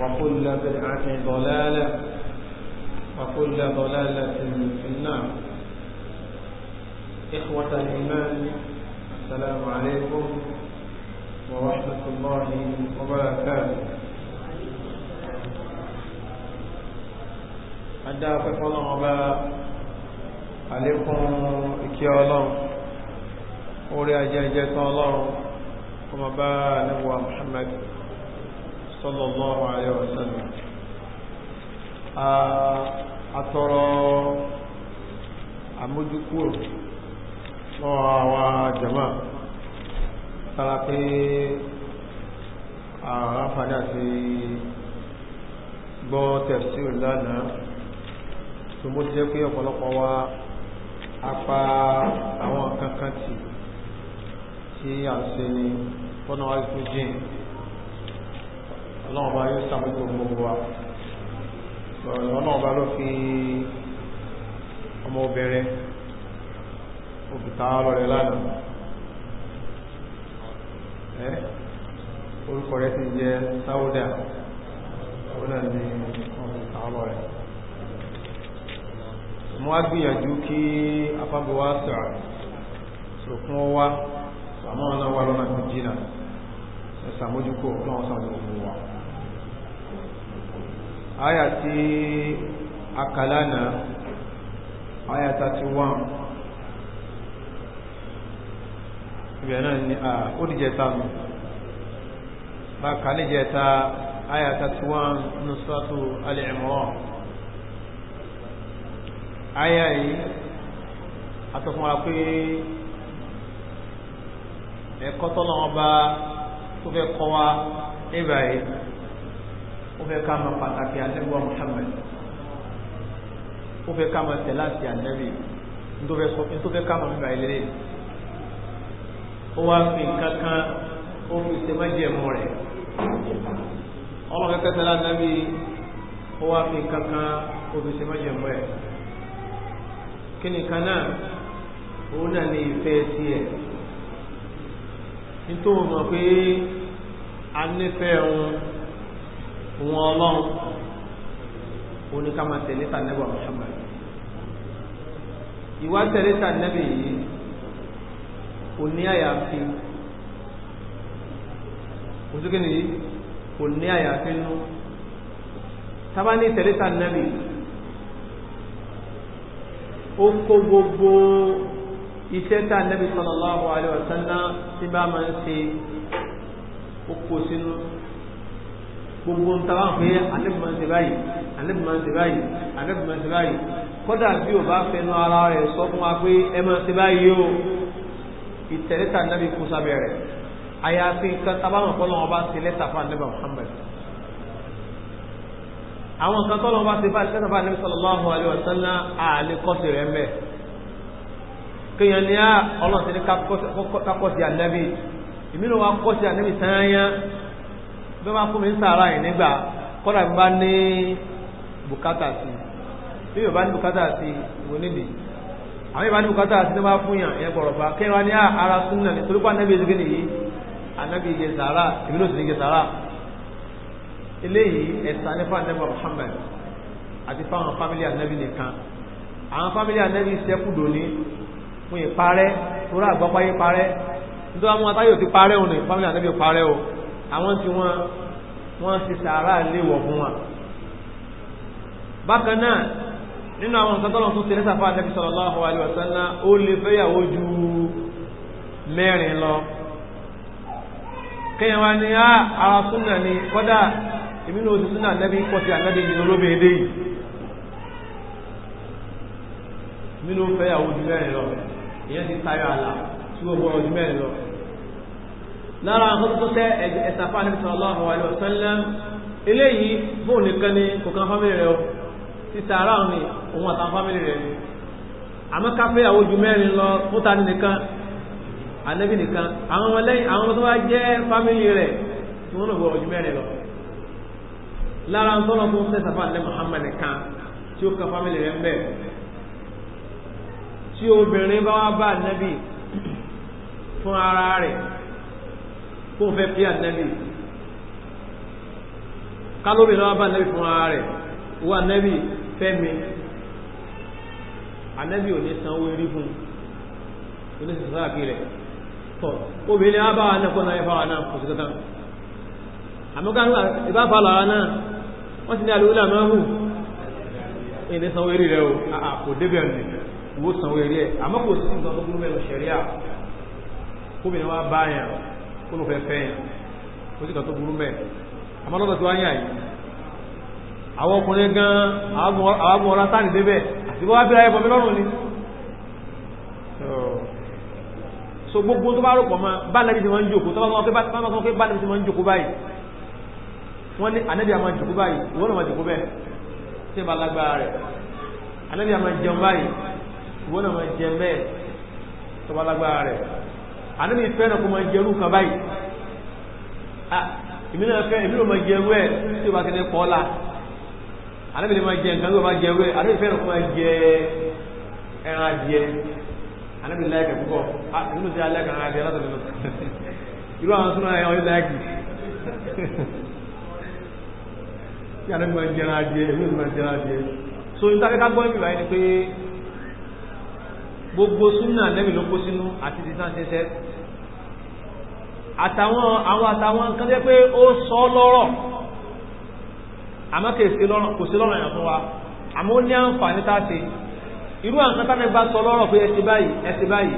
وكل بدعة ضلالة وكل ضلالة في النار إخوة الإيمان السلام عليكم ورحمة الله وبركاته Adá afẹ́fọ́ náà ọba àlékún ìkẹ́ ọlọ́run, orí ajẹ́ ìjẹ́ tán ọlọ́run, Muhammad sallallahu alayhi wa sallam àtọ̀rọ̀ àmójúkúrò fún àwọn jama tara pé àwọn àǹfààní àti gbọ́ tafsir lánàá tó mọ́ jẹ́ pé ọ̀pọ̀lọpọ̀ wa apá àwọn kankan tí a ń ṣe ní fọ́nà wáyé tó jẹ́ ọlọ́run ọba yóò sàmójú gbogbo wa ọlọ́run ọba ló fi ọmọ obìnrin òkúta lọ́rẹ̀ lánàá ẹ́ orúkọ rẹ̀ ti jẹ́ sáwọ́dà òun náà ni òkúta lọ́rẹ̀ mo wá gbìyànjú kí afábíwá sọ̀rọ̀ sọ̀kún wá àmọ́ ọ̀nà wà lọ́nà tó jìnà ẹ̀sàmójúkò ọlọ́run sàmójú gbogbo àyà tí akàlánà àyà 31 ibẹ̀ náà ni à ó dìjẹta mú bákan níjẹta àyà 31 nínú sọ́tò alẹ́ ìmọ̀ràn àyà yìí atọ́fún wa pé ẹ̀kọ́ tọ́lọ́wọ́n tó fẹ́ kọ́ wa níbàáyìí ó fẹ́ kama pataki pàtàkì wa Muhammad ó fẹ́ ká máa tẹ̀lé àti ànábì tó fẹ́ ká máa o ilé fi nǹkan kan fi ṣe májẹ̀mú rẹ̀ ọlọ́kẹ́kẹ́ tẹ̀lé ànábì ó fi nǹkan kan fi ṣe májẹ̀mú rẹ̀ kí nìkan ife òun náà ní ìfẹ́ sí òun ọlọ́run oníkàmá tẹ̀lé tànẹ́bà Muhammad ìwà tẹ̀lé tànẹ́bà yìí kò ní àyàfi òsókè nìyí kò ní àyàfi nù tábà ní tẹ̀lé tànẹ́bà ó kó gbogbo iṣẹ́ tá nẹ́bí sallallahu alaihi wa sallam tí bá máa ń ṣe ó kó sínú gbogbo ń tàbá pé alẹ́bùmọ̀ ṣe báyìí alẹ́bùmọ̀ ṣe báyìí alẹ́bùmọ̀ ṣe báyìí kódà bí ò bá fẹnu ara rẹ̀ sọ fún wa pé ẹ máa ṣe báyìí o ìtẹ̀lẹ́ta nábì kú sábẹ́ rẹ̀ àyàfi nǹkan tábàmọ̀ kọ́ lọ́wọ́ bá ṣe lẹ́tà fún alẹ́bà Muhammad àwọn nǹkan tọ́lọ́ bá ṣe bá lẹ́tà fún alẹ́bà sallallahu alaihi wasallam àlékọ́sì rẹ̀ mẹ́ kéèyàn ní ah, bí wọ́n fún mi ń sàárà yìí nígbà kọ́dà bí wọ́n ní bùkátà sí bí yorùbá ní bùkátà sí ìwọ nídi àwọn yorùbá ní bùkátà sí ní wọ́n fún yàn ẹ̀ gbọ̀rọ̀ bá kẹ́rin wa ní ara sún náà nítorí pé anábì ẹ̀sìn nìyí anábì ìjẹ sàárà èmi ló sì ní ìjẹ sàárà eléyìí ẹ̀sán ní fún anábì Muhammad àti fáwọn fámílì anábì nìkan àwọn fámílì anábì sẹ́kù dòní fún ìparẹ́ torí àgbọ́páyé parẹ́ nítorí àwọn atáyò ti parẹ́ òun ní fámílì parẹ́ òun àwọn tí wọ́n wọ́n ṣe sàárà léwọ̀ fún wa bákan náà nínú àwọn nǹkan tọ́lọ̀ tó tẹ̀lé sàfà àti sallallahu alaihi wasallam ó lè fẹ́yàwó ju mẹ́rin lọ kéèyàn wá ní ah, ara súnà ni kọ́dà èmi ní oṣù súnà nẹ́bí pọ̀sí ànábì yìí lóbi èdè yìí nínú fẹ́yàwó ju mẹ́rin lọ ìyẹn ti tayọ àlà tí ó gbọ́rọ̀ ju mẹ́rin lọ lára àwọn tó tẹ́ ẹ̀sàfà ní sallallahu alaihi wasallam eléyìí bóun nìkan ni kò kan fámìlì rẹ̀ o ti sàárà ni òun àtàwọn fámìlì rẹ̀ ni àmọ́ káfẹ́ àwọn ojú mẹ́rin lọ fúta nìkan ànábì nìkan àwọn ọmọ lẹ́yìn àwọn tó wá jẹ́ fámìlì rẹ̀ tí wọ́n náà wọ ojú mẹ́rin lọ lára ń tọ́lọ́ tó ń ní Muhammad kan tí ó kan fámìlì rẹ̀ ń bẹ̀ tí obìnrin bá wá bá ànábì fún ara rẹ̀ kó o fẹ́ fi ànábì kálóbì náà bá ànábì fún ara rẹ̀ wo ànábì fẹ́mi ànábì ò ní sanwó erí fún un oníṣẹ́ sáàkì rẹ̀ tọ̀ obìnrin á bá wa náà kó náà ẹ̀fọ́ wa náà kò sí kankan àmọ́ ká ìbá fa làwa náà wọ́n ti ní àlùwílà máa hù ẹ̀yìn ní sanwó erí rẹ̀ o kò débẹ̀ mi wo sanwó erí ẹ̀ àmọ́ kò sí nǹkan tó gbúrú mẹ́lọ ṣẹ̀ríà kóbìnrin wa bá yàn kó ló fẹ́ fẹ́ yàn ó sì kàn tó burú mẹ́ àmọ́ lọ́dọ̀ tí wá yàn yìí àwọn ọkùnrin gan àwọn ọ̀rá sáà nídébẹ̀ àti wọ́n bí ayé bọ̀mí lọ́rùn ni so gbogbo tó bá rò pọ̀ mọ́ bá lẹ́bí ti máa ń jòkó tó bá sọ pé bá lẹ́bí ti máa ń jòkó báyìí wọ́n ní ànábì àmà jòkó báyìí ìwọ́n náà máa jòkó bẹ́ẹ̀ tí ìbá lágbára rẹ̀ ànábì àmà jẹun báyìí ìwọ́n náà máa jẹun bẹ́ẹ̀ tó bá lágbára rẹ̀ ànábì fẹ́ràn kó máa jẹrú kan báyìí ah, èmi náà fẹ́ èmi náà máa jẹrú ẹ̀ tí o bá kẹ́ni pọ́ la ànábì lè máa jẹ nǹkan tó bá jẹrú ẹ̀ ànábì fẹ́ràn kó máa jẹ ẹran adìẹ ànábì láìkẹ̀ púpọ̀ ah, èmi náà ti aláìkẹ̀ ẹran adìẹ látọ̀ nínú irú àwọn súnmọ́ ẹ̀ ọ̀yẹ́ láìkì tí ànábì máa jẹ ẹran adìẹ èmi náà jẹ ẹran adìẹ so ìtàkẹ́ká gbọ́ gbogbo súnà nẹ́bì ló kó sínú àti ti tán ṣiṣẹ́ àtàwọn àwọn àtàwọn kan jẹ́ pé ó sọ lọ́rọ̀ àmọ́ kò sí lọ́rọ̀ yàn fún wa àmọ́ ó ní àǹfààní tá a ṣe irú àǹkan tánà bá sọ lọ́rọ̀ pé ẹsẹ̀ báyìí ẹsẹ̀ báyìí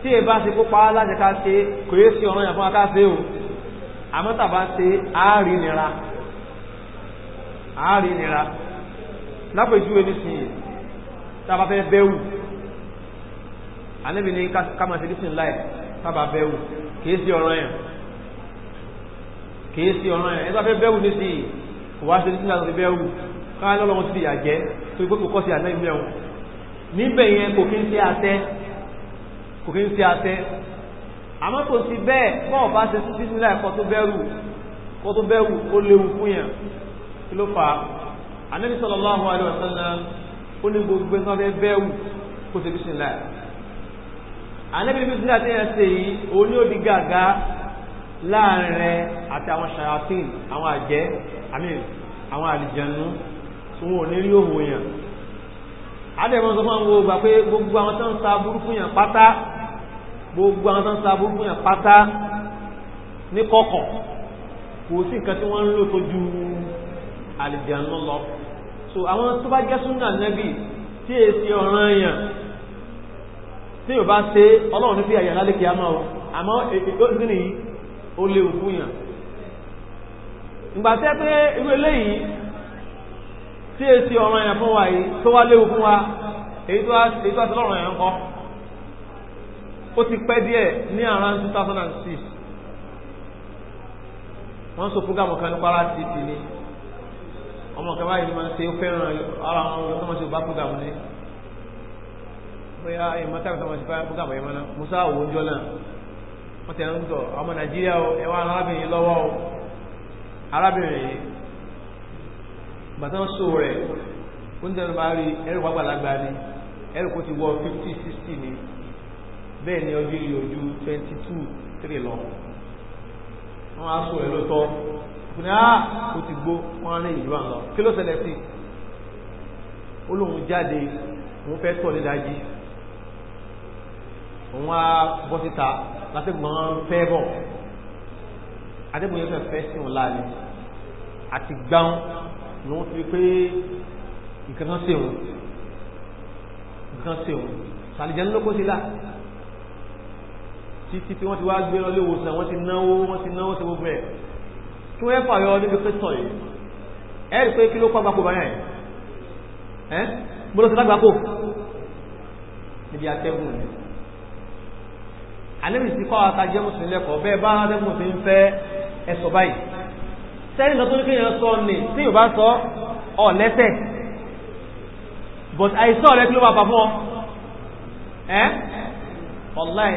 tí èbá ṣe kó pa á láti ká ṣe kò yé sí ọ̀rọ̀ yàn fún wa ká ṣe o àmọ́ tàbá ṣe àárí nira àárí nira lápèjúwe nísìnyí tá a bá fẹ́ bẹ́wù ànábì ní káma ṣe dísìn láì sábà bẹ́wù kìí sí ọ̀rọ̀ yẹn kìí sí ọ̀rọ̀ yẹn ẹgbẹ́ bẹ́wù ní sí wà ṣe dísìn láti bẹ́wù káà lọ́lọ́wọ́ sí ìyà jẹ́ tó igbó kò kọ́ sí ànábì mẹ́wù níbẹ̀ yẹn kò kí ń ṣe atẹ́ kò kí ń ṣe atẹ́ àmọ́ kò sí bẹ́ẹ̀ bọ́ọ̀ bá ṣe dísìn láì kọ́ tó bẹ́rù kọ́ tó bẹ́rù ó léwu fún yẹn kí ló fà á ànábì sallallahu alaihi ànábì níbi ìsúná tí yẹn ṣe yìí òun ní ó di gàgá láàrin rẹ àtàwọn ṣàyàtìn àwọn àjẹ́ àmì àwọn àlìjẹnu wọn ò ní rí òhun yẹn àdẹ̀mọ́ sọ fún àwọn ògbà pé gbogbo àwọn tó ń sa burúkú yẹn pátá gbogbo àwọn tó ń sa burúkú yẹn pátá ní kọ̀kọ̀ kò sí nǹkan tí wọ́n ń lò tó ju àlìjẹnu lọ so àwọn tó bá jẹ́ súnà nẹ́bì tí èsì ọ̀ràn yẹn tí yóò bá ṣe ọlọ́run ní fi àyà lálékè àmọ́ ọ àmọ́ ètò sí ni ó léwu fún yàn ìgbà tẹ́ pé irú eléyìí tí ọ̀ràn yàn wa yìí tó wá léwu fún wa èyí tó wá sí lọ́rùn yàn kọ́ ó ti pẹ́ díẹ̀ ní around 2006 wọ́n sọ fúgàmù kan ọmọ ṣe fẹ́ràn ara tó bóyá ìmọ̀ táwọn ọmọ ìṣẹ́fà fún kàbọ̀ ìmọ̀ náà musa wò ń jọ náà wọ́n ti ń tọ̀ ọmọ nàìjíríà ẹwà arábìnrin lọ́wọ́ arábìnrin yìí gbàtàn so rẹ̀ oúnjẹ ló máa rí ẹrù pàgbàlagbà ni ẹrù kó ti wọ fifty sixty ni bẹ́ẹ̀ ni ọjọ́ yìí ojú twenty two three lọ wọ́n á so rẹ̀ lóòótọ́ kò ní á ah, kó ti gbó wọ́n á ní ìlú àná kí ló ṣẹlẹ̀ sí olóhùn jáde òun fẹ́ tọ̀ nídájí òun á bọ́ síta látẹ̀gbọ́n fẹ́ bọ̀ adébòye fẹ́ fẹ́ sí òun láàrin àti gbáhùn ni wọ́n ti pé nǹkan kan sí òun nǹkan sí òun sàlìjẹ́ ńlọ́kọ́ sí là títí tí wọ́n ti wá gbé lọ léwòsàn wọ́n ti náwó wọ́n ti náwó sí gbogbo ẹ̀ kí wọ́n fà yọ níbi pé sọ yìí ẹ rí pé kí ló kọ́ gbàgbó báyà yìí ẹ́ mo lọ sí lágbàgbó níbi atẹ́gùn ni ànábì sí kọ́ ata jẹ́ mùsùlùmí lẹ́kọ̀ọ́ bẹ́ẹ̀ bá adé mùsùlùmí fẹ́ ẹ̀sọ̀ báyìí sẹ́yìn lọ́tọ́ ní kéèyàn sọ ní tí yóò bá sọ ọ̀ lẹ́sẹ̀ but àìsàn rẹ kí ló bá pa fún ọ ẹ́ ọ̀láì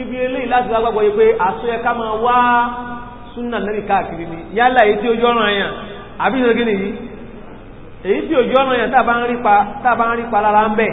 ibi eléyìí láti wá gbàgbọ́ yìí pé àṣọ yẹ ká máa wá súnà lẹ́rìí káàkiri ni yálà èyí tí ojú ọ̀ràn yẹn àbí ìṣègùn nìyí èyí tí ojú ọ̀ràn yẹn tá a bá ń rí pa lára ń bẹ̀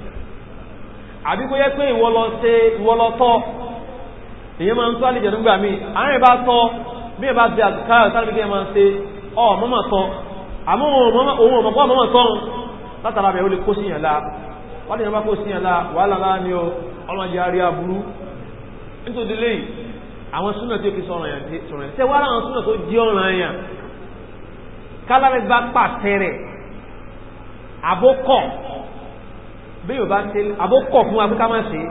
àbí kó yẹ pé ìwọ lọ ṣe ìwọ lọ tọ́ èyí máa ń tó àlejò nígbà míì àárín bá tọ́ bí ẹ bá di àtúkárà sáré kí ẹ máa ṣe ọ mọ́mọ́ tọ́ àmọ́ òun ò mọ̀pọ̀ mọ́mọ́ tọ́ látara bẹ̀ ó lè kó síyàn la wọ́n lè bá kó síyàn la wàhálà ńlá ni ó ọlọ́jì arí aburú nítorí lẹ́yìn àwọn súnà tí ó fi sọ̀rọ̀ yàn sọ̀rọ̀ yàn tẹ́wọ́ àwọn súnà tó jí ọ̀ràn yàn kálárẹ̀ gbá pàṣẹ àbókọ̀ bí yóò bá ṣe àbókọ̀ fún afíká máa ṣe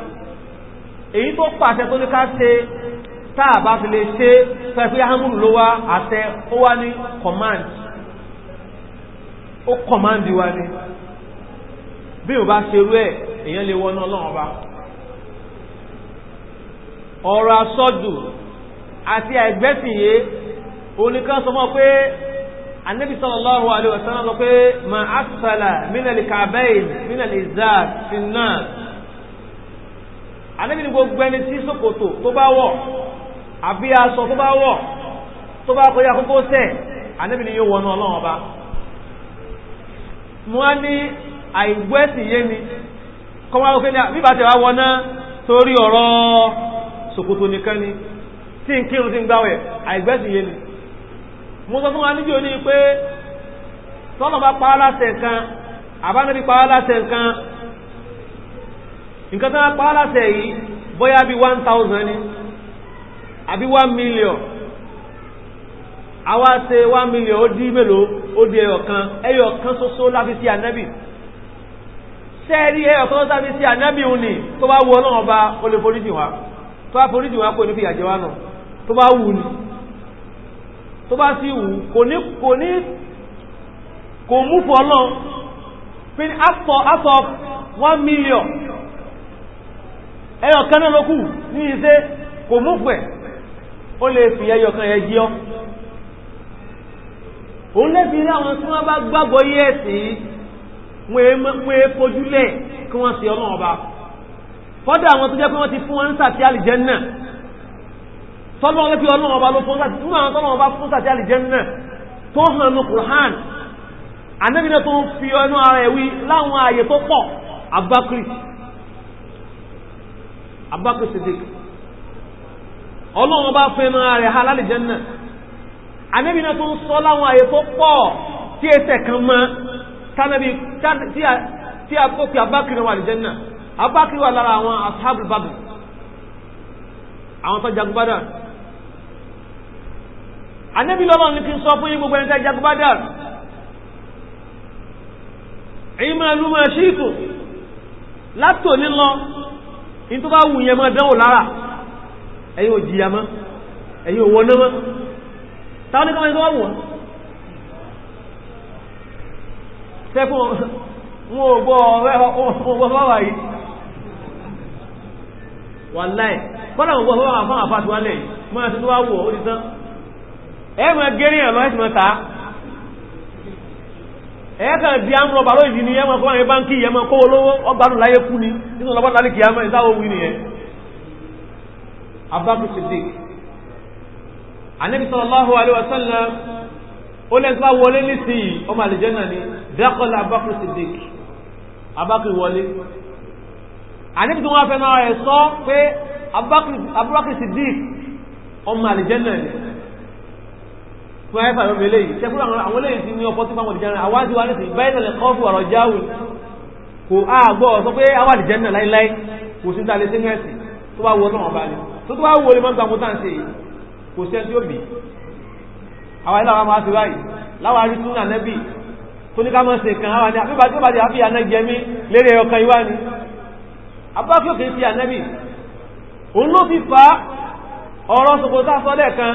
èyí tó pàṣẹ tó ní ká ṣe táà bá fi lè ṣe fẹ́fí hamuru ló wá àṣẹ ó wá ní command ó command wá ní bí yóò bá ṣe rú ẹ̀ èyàn lè wọnà ọlọ́run ọba ọ̀rọ̀ asọ́jù àti àìgbẹ́sìnyé oníkan sọmọ pé anabi sallallahu alayhi wa sallam sọ pé ma asfala minali kabein minali izad finna anabi ni gbogbo ẹni tí ṣòkòtò tó bá wọ̀ àbí aṣọ tó bá wọ̀ tó bá kọjá kókó sẹ̀ anabi ni yóò wọnú ọlọ́run ọba mo á ní àìgbọ́ ẹ̀sìn yé mi kọ́wá òkè ní bíbá ni mo sọ fún wa níbi òní pé tọ́lọ̀ bá pa á nǹkan àbánábí pa nǹkan nǹkan tó pa yìí bóyá bí one thousand ni àbí one million àwa ṣe one million ó dín mélòó ó di ẹyọ kan ẹyọ kan ṣoṣo láfi sí ànábì sẹ́ẹ̀rí ẹyọ kan ṣoṣo láfi sí ànábì òun ni tó bá wù foríjì tó bá foríjì tó bá sí wù kò ní kò ní kò mú fún ọlọ́run pé afọ afọ one million ẹyọ kan náà lókù ní iṣẹ́ kò mú fún ẹ̀ ó lè fi ẹyọ kan ẹ jí ọ́ òun lẹ́bi rí àwọn tí wọ́n bá gbàgbọ́ yé ẹ̀sìn wọ́n é fojúlẹ̀ kí wọ́n sí ọlọ́run ọba fọ́dọ̀ àwọn tó jẹ́ pé wọ́n ti fún wọn ń sàtí àlìjẹ́ náà tọ́lọ́ ọlọ́pẹ́ ọlọ́run ọba ló fún sàtì nínú àwọn tọ́lọ́ ọba fún sàtì àlìjẹ́nnà tó hàn ní Qur'an ànábì náà tó ń fi ẹnu ara ẹ̀ wí láwọn ààyè tó pọ̀ abakiri abakiri sidik ọlọ́run ọba fún ẹnu ara ẹ̀ ha lálìjẹ́nnà ànábì náà tó ń sọ láwọn ààyè tó pọ̀ tí ẹsẹ̀ kan mọ́ tánàbí tí a kó fi abakiri wà àlìjẹ́nnà abakiri wà lára àwọn ashabul badr àwọn tó jagun Badr ànábì lọ́lọ́run ní kí n sọ fún yín gbogbo ẹni tẹ́ jagun Badar èyí máa lú máa ṣí ìtò látò nílọ ní tó bá wù yẹn máa dánwò lára ẹ̀yin ò jìyà mọ́ ẹ̀yin ò wọná mọ́ táwọn ní kọ́mọ́ ẹni tó wà wù wọ́n sẹ́fún wọn ò gbọ́ ọ̀rẹ́ ọgbọ́ fọ́wà yìí wà láì kọ́nà ọgbọ́ fọ́wà fún àfáàtúwálẹ̀ yìí máa ti tó wá wù ọ́ ó ti tán ẹ mọ gẹ́ríyàn lọ ẹ̀sìn mọ́ta ẹ̀yẹ́ kan di àmúrọ̀ bàrọ̀ ìdí ni ẹmọ kọ́wàá ní báńkì ẹmọ kó olówó ọgbàrún láyé kú ni nínú ọlọ́pàá tàbí kìí àmọ́ ìsáwò wí nìyẹn Abubakar Siddiq Ànábì sallallahu alaihi wasallam ó lẹ́n tó bá wọlé nísìnyí ọmọ àlejẹ́ náà ni dákọ́lá Abubakar Siddiq Abubakar wọlé Ànábì tó wọ́n fẹ́ náà ẹ̀ náà ni fún àyífà lóbi eléyìí ṣẹ́kúrò àwọn eléyìí ti ní ọkọ̀ tí fáwọn ìjẹun àwájú wa nìsín bẹ́ẹ̀ tẹ̀lé kọ́ọ̀fù ọ̀rọ̀ jáwù kò àgbọ̀ sọ pé àwájú jẹ́ náà láíláí kò sí dalẹ̀ sínú ẹ̀sìn tó bá wọ náà wọn balẹ̀ tó tó bá wọ lè máa ń gbàgbó tá à ń ṣe yìí kò sí ẹtí òbí àwa ilé àwọn máa ṣe báyìí láwa rí tún ànẹ́bì tó ní ká ọ̀rọ̀ sọ̀kòtà sọ́lẹ̀ kan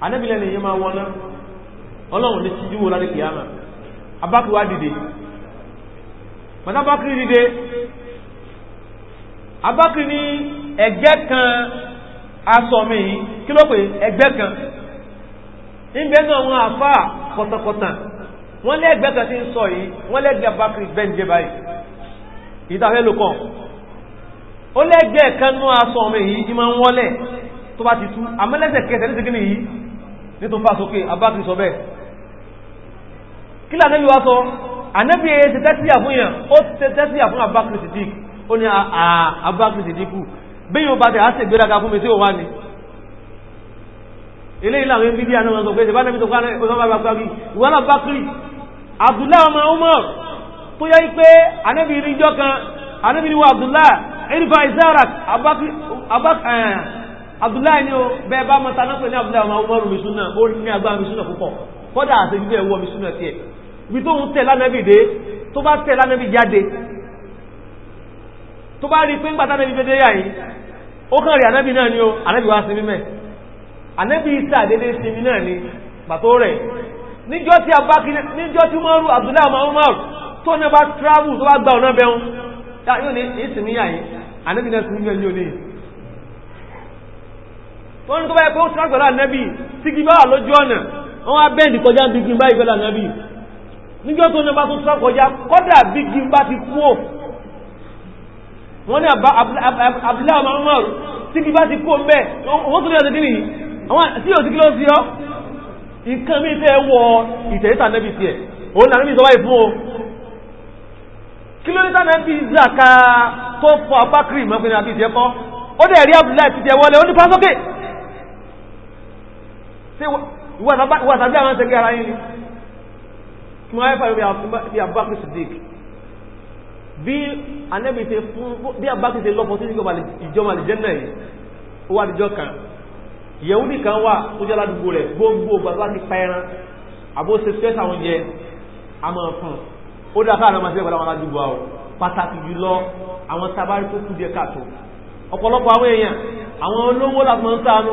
anábìlẹ̀ ni yẹn máa wọ́n náà ọlọ́run ní síjú wo lálẹ́ kìíyàmà abákì wá dìde mọ̀tàbákì dìde abákì ní ẹgbẹ́ kan aṣọ mi yìí kí ló pè ẹgbẹ́ kan níbẹ̀ náà wọn àfà kọ̀tàkọ̀tà wọ́n lẹ́gbẹ́ kan ti ń sọ yìí wọ́n lẹ́gbẹ́ abákì bẹ́ǹjẹ́ báyìí ìdáfẹ́ ló kàn ó lẹ́gbẹ́ kan nú aṣọ mi yìí ti máa ń wọ́lẹ̀ tó bá ti tú àmọ́lẹ́sẹ̀ ní ti kí ni yìí nítorí fà sókè abákì sọ bẹ́ẹ̀ kí lànà yíwá sọ ànábì ẹ̀ ṣe tẹ́síyà fún yàn ó ṣe tẹ́síyà fún abákì Siddiq ó ní abákì Siddiq bí yóò bá tẹ̀ á sì gbéraga fún mi tí ó wá ni eléyìí làwọn ibi bí anáwọn sọ pé ìbá nàbí tó kọ́ ọ̀sán bá bá kí ìwọ́n náà bá kiri Abdullahi ọmọ Umar tó yẹ pé anábì ìrìnjọ kan anábì ìwọ Abdullahi ìrìnfà ìsára abdullahi ni o bẹ́ẹ̀ bá mọ́ta náà pẹ̀lú ní abdullahi ọmọ umaru misuna ó ní agbára misuna púpọ̀ kọ́dà àti ibi ẹ̀wọ́ misuna tiẹ̀ ibi tó ń tẹ̀ lánàbì dé tó bá tẹ̀ lánàbì jáde tó bá rí pé ń gbàtà nàbì dédé yà yìí ó kàn rí ànábì náà ni o ànábì wá sinmi mẹ́ ànábì isa dédé sinmi náà ni bàtó rẹ̀ níjọ́ tí abákiri níjọ́ tí umaru abdullahi ọmọ umaru tó ní bá travel tó bá gba ọ̀nà bẹ́ẹ̀ yóò ní ìsinmi yà yìí ànábì náà sinmi náà yìí wọ́n ní tó báyẹ̀ pé ó tíra pẹ̀lú ànábì tí kí bá wà lójú ọ̀nà wọ́n wá bẹ́ẹ̀dì kọjá bí gbin báyìí pẹ̀lú ànábì níjọ́ tó nípa tó tíra kọjá kọ́dà bí gbin bá ti kú ò wọ́n ní abdullahi ọmọ ọmọ tí kí bá ti kú ò ń wọ́n tó ní ọ̀sẹ̀ kìnnì àwọn tí yóò ti kí ló ń fi ọ́ nǹkan mi fẹ́ wọ ìtẹ̀yẹ́ta ànábì tiẹ̀ òun làwọn mi sọ wáyé fún o kí ló zaka tó fọ abákìrì mọ́fínà àti ìjẹ́kọ́ ó dẹ̀ rí abdullahi ti jẹ́ wọlé ó ní pásókè ṣe ìwà tàbí àwọn ṣe gára yìí kí wọ́n yẹ́fà bí abúbákì sidik bí anẹ́bì ṣe fún bí abúbákì ṣe lọ́pọ̀ sí ìjọba àlìjẹ́nà yìí ó wà níjọ́ kan yẹ̀wú nìkan wà tó jẹ́ ládùúgbò rẹ̀ gbogbo gbàgbà ti pa ẹran àbó ṣe fẹ́ sàwọn jẹ àmọ́ fún ó dá káàdà máa ṣe pẹ̀lú àwọn aládùúgbò àwọn pàtàkì jùlọ àwọn tabari tó kú díẹ̀ káàtó ọ̀pọ̀lọpọ̀ àwọn èèyàn àwọn olówó làbọ̀ ń ṣàánú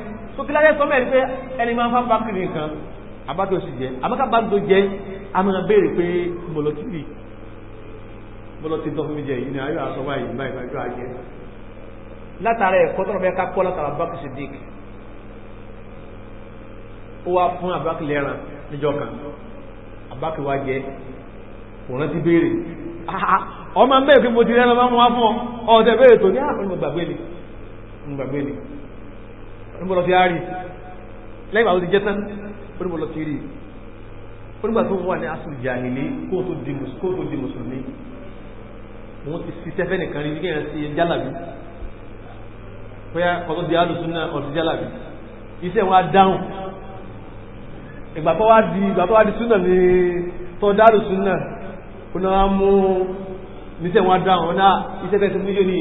tó kí lálẹ́ sọ́mọ́ ẹ̀ pé ẹni máa ń fáfá kiri nǹkan abátó sì jẹ abáká bá tó jẹ a máa béèrè pé bọ̀lọ̀ tí bì bọ̀lọ̀ tí tọ́ fún mi jẹ yìí ni ayé àṣọ báyìí báyìí báyìí báyìí jẹ látara ẹ̀kọ́ tọ́lọ́ fẹ́ ká kọ́ látara Abubakar Siddiq ó wá fún Abubakar lẹ́ran níjọ́ kan Abubakar wá jẹ kò rántí béèrè ọmọ mẹ́rin pé mo ti rẹ́ran máa ń wá fún ọ ọ̀ọ́dẹ béèrè tó ní àwọn ah, ìgbàgbé ni ìgbàgbé ni níbọ̀lọ́ ti rí lẹ́yìn àwọn ti jẹ́ tán oníbọ̀lọ́ ti rí onígbà tó wà ní asùn jàhìlì kó tó di mùsùlùmí wọ́n ti fi tẹ́fẹ́ nìkan rí ní kẹ́yàn sí jálàbí bóyá ọ̀tọ́ di alùsùn náà ọ̀tọ́ jálàbí iṣẹ́ wọn á dáhùn ìgbà tó wá di ìgbà tó wá di súnà ní tó dá alùsùn náà kó náà mú níṣẹ́ wọn á dáhùn náà iṣẹ́ tẹ́sí mílíọ̀nì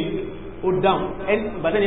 ó dáhùn ẹni ìgbà tẹ́ni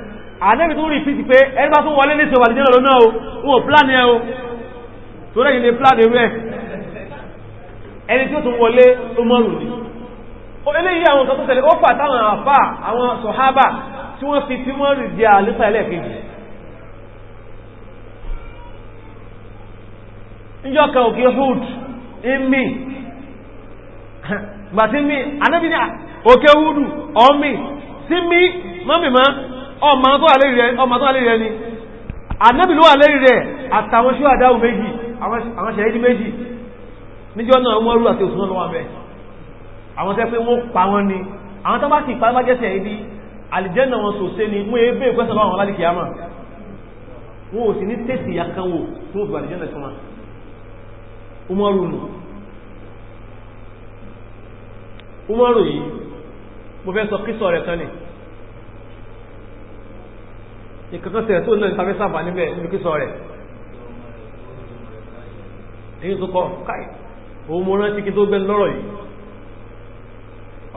àdẹ́bì tó rí fi ti pé ẹgbà tó wọlé ní ṣòwà ìjẹ́ lọ́nà o wọn pláni ẹ o tó rẹ̀ yìí lè pláni rẹ̀ ẹni tí ó tún wọlé tó mọ́rùn ní eléyìí àwọn kan tó tẹ̀lé ó pàtàwọn àfà àwọn sọ̀hábà tí wọ́n fi tí wọ́n rí di àlífà ẹlẹ́ẹ̀kejì níjọ́ kan òkè hood ìmì gbàtí mi anábìnrin òkè hood ọ̀mì sí mi mọ́mì máa ọmọ tó wà lérí rẹ ni ànábì ló wà lérí rẹ àtàwọn ṣó àdáwò méjì àwọn ṣẹ̀yẹ́dì méjì níjọ́ náà wọ́n rú àti òṣùnà lọ́wọ́ mẹ́ àwọn tẹ́ pé wọ́n pa wọn ni àwọn tó bá ti pa bá jẹ́sẹ̀ ibi àlìjẹ́nà wọn sòsé ni mú ebé ìpẹ́sẹ̀ lọ́wọ́ láti kìyàmà wọn ò sì ní tèsì àkànwò tó fi àlìjẹ́nà sí wọn umaru nù umaru yìí mo fẹ́ sọ kíso rẹ̀ kan ni ìkankan sẹ̀rẹ̀ tó náà tàbí sáfà níbẹ̀ níbi kí sọ rẹ̀ èyí tó kọ́ káì òun mo rántí kí tó gbẹ́ lọ́rọ̀ yìí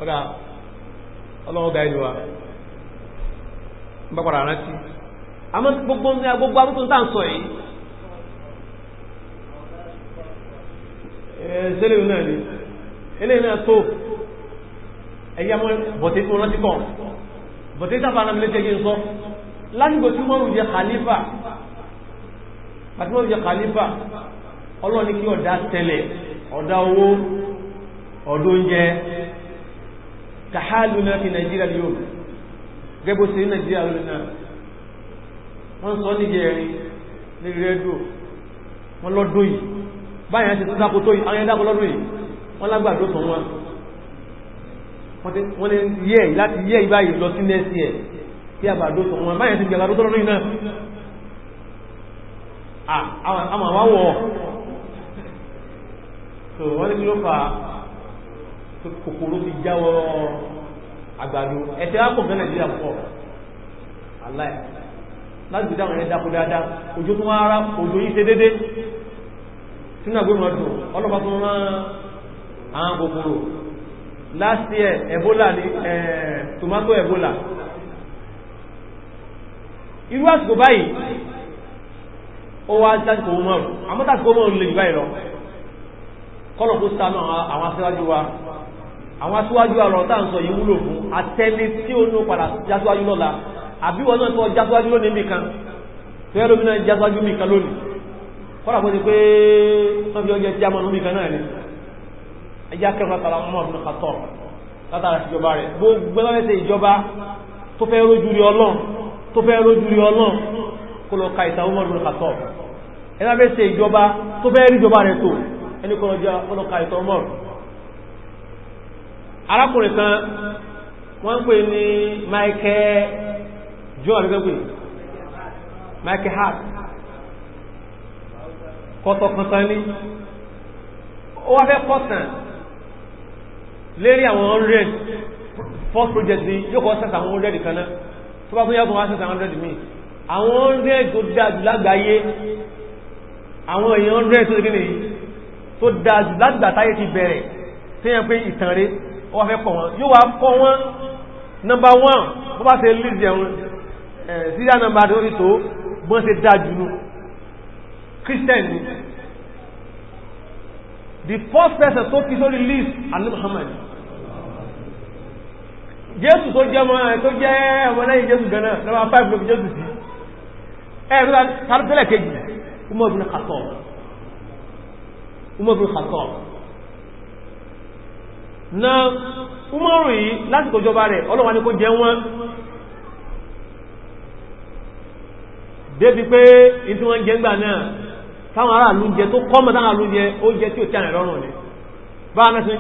ọ̀dà ọlọ́wọ́ ga wa ń bá padà rántí àmọ́ gbogbo abúkú ń sọ yìí náà ni eléyìí náà tó ẹ̀yà mọ́ bọ̀tẹ́ tó rántí kọ́ bọ̀tẹ́ sáfà náà mi sọ. lásìkò tí mọ́rùn jẹ́ khalifa àti mọ́rùn jẹ́ khalifa ọlọ́ni kí ọ̀dá tẹ̀lẹ̀ ọ̀dá owó ọ̀dọ́ oúnjẹ kàhálù náà fi nàìjíríà yóò gẹ́gbó sí nàìjíríà lónìí náà wọ́n sọ ní gẹ̀ẹ́rin ní rẹ́díò wọ́n lọ́dún yìí báyìí àti tó dákò tó yìí àwọn ẹ̀dàkò lọ́dún yìí wọ́n lágbàdo tán wọn wọ́n ti yẹ́ láti yẹ́ ìbáyìí lọ sí nẹ́ẹ̀sì ẹ̀ tí a bá dó sọ wọn báyẹ̀ sí gbẹ̀lá tó tọ́lọ́rin náà àmà wá wọ̀ so wọ́n ní kí ló fà kòkòrò ti jáwọ́ àgbàdo ẹ̀tẹ́ á pọ̀ gan nàìjíríà pọ̀ aláì láti gbé dáwọn ẹ̀ dákú dáadáa òjò tó wá ara òjò yìí ṣe déédé sínú àgbé mọ́ dùn ọlọ́pàá tó rán àwọn kòkòrò last year ebola ni eh, tomato ebola irú àsìkò báyìí ó wá dásìkò mọ́rùn àmọ́tàsìkò mọ́rùn lè jù báyìí lọ kọ́lọ̀ kó sánú àwọn aṣíwájú wa àwọn aṣíwájú wa lọ́ta ń sọ yìí wúlò fún atẹ́lé tí ó ní padà jásíwájú lọ́la àbí wọn náà tó jásíwájú lónìí nìkan tó yẹ́ lómìnà jásíwájú nìkan lónìí kọ́lọ̀ kó ti pé wọ́n fi ọjọ́ jámọ́ nù nìkan náà ni ẹjá kẹfà tara ọmọ ọdún kàtọ́ látara ìjọba rẹ̀ gbogbo ẹgbẹ́ ìjọba tó fẹ́ rójú rí ọlọ́run tó fẹ́ rójú rí ọlọ́run kó lọ ka ìtàwọn ọmọ ìlú kàtọ́ ẹni abẹ́ ṣe ìjọba tó fẹ́ rí ìjọba rẹ̀ tó ẹni kọ́ lọ ka ìtàwọn ọmọ arákùnrin kan wọ́n ń pè ní Michael John abẹ́gbẹ́ Michael Hart kọ́tọ̀kọ́tọ̀ ní ó wá fẹ́ kọ́tàn lérí àwọn 100 first project ní yóò kọ́ sẹ́sà àwọn 100 kan náà tó bá tún yàtọ̀ wá sí hundred mi àwọn hundred tó dájú lágbàáyé àwọn èèyàn hundred tó gíní yìí tó dájú látìgbà táyé ti bẹ̀rẹ̀ tí yẹn pé ìtàn rẹ̀ ó wá fẹ́ pọ̀ wọn yóò wá kọ́ wọn nọmba one bó bá ṣe lead ẹ̀wọ̀n síríà nọmba tó fi tó bọ́n ṣe dájú nù Christian ni the first person tó kí sórí list Ali Muhammad jésù tó jẹ́ ọmọ tó jẹ́ ọmọ lẹ́yìn jésù gan náà lọ́wọ́ five lóbi jésù sí ẹ̀rọ tàbílẹ̀ kejì Umar bin Khattab Umar bin Khattab na Umaru yìí lásìkò ìjọba rẹ̀ ọlọ́wà ní kó jẹ wọ́n débi pé ìtí wọ́n jẹ ńgbà náà táwọn aráàlú jẹ tó kọ́ mọ́ táwọn aráàlú jẹ ó jẹ tí ò tí àrẹ̀ lọ́rùn ni bá mẹ́sí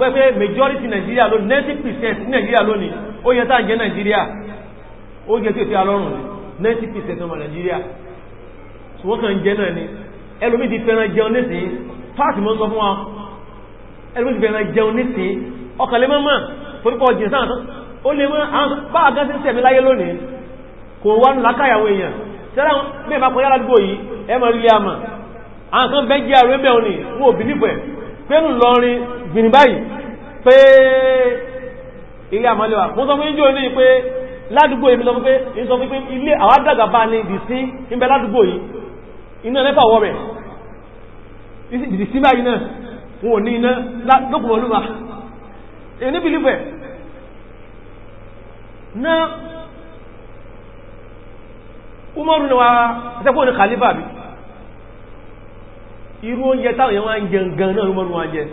pẹ́pẹ́ majority Nigeria ló 90% ní Nigeria lónìí ó yẹ tá à ń jẹ́ Nigeria ó yẹ tí ò fi alọ́rùn ní 90% ọmọ Nigeria wọ́n kàn jẹ́ náà ni ẹlòmí ti fẹ́ràn jẹun nísìnyí fáàtì mọ́ sọ fún wa ẹlòmí ti fẹ́ràn jẹun nísìnyí ọkàn lè mọ́mọ́ torípọ̀ jìn sáà tán ó lè mọ́ àwọn bá àgán sí sẹ̀mí láyé lónìí kò wá nù lákàyàwó èèyàn sẹ́lá mẹ́ẹ̀má kọjá ládùúgbò yìí ẹ mọ̀ rí àmà àwọn kan bẹ́ẹ̀ pẹ́lú lọrin gbìn báyìí pé ilé àmọ́lẹ́wà mú sọ fún ìjọ ní pé ládùúgbò yìí sọ pé ní sọ pé ilé àwọn àdàgà bá ní dìsí ń bẹ ládùúgbò yìí iná lẹ́fà wọ́ rẹ̀ dìsí báyìí náà wọn ò ní iná lókùnrin olúwa èyí níbi lífẹ̀ náà umaru ni wa ṣẹ́kọ̀ọ́ ní kàlífà bíi irú oúnjẹ táwọn èèyàn wá ń jẹun gan náà ló mọ́nu wa jẹ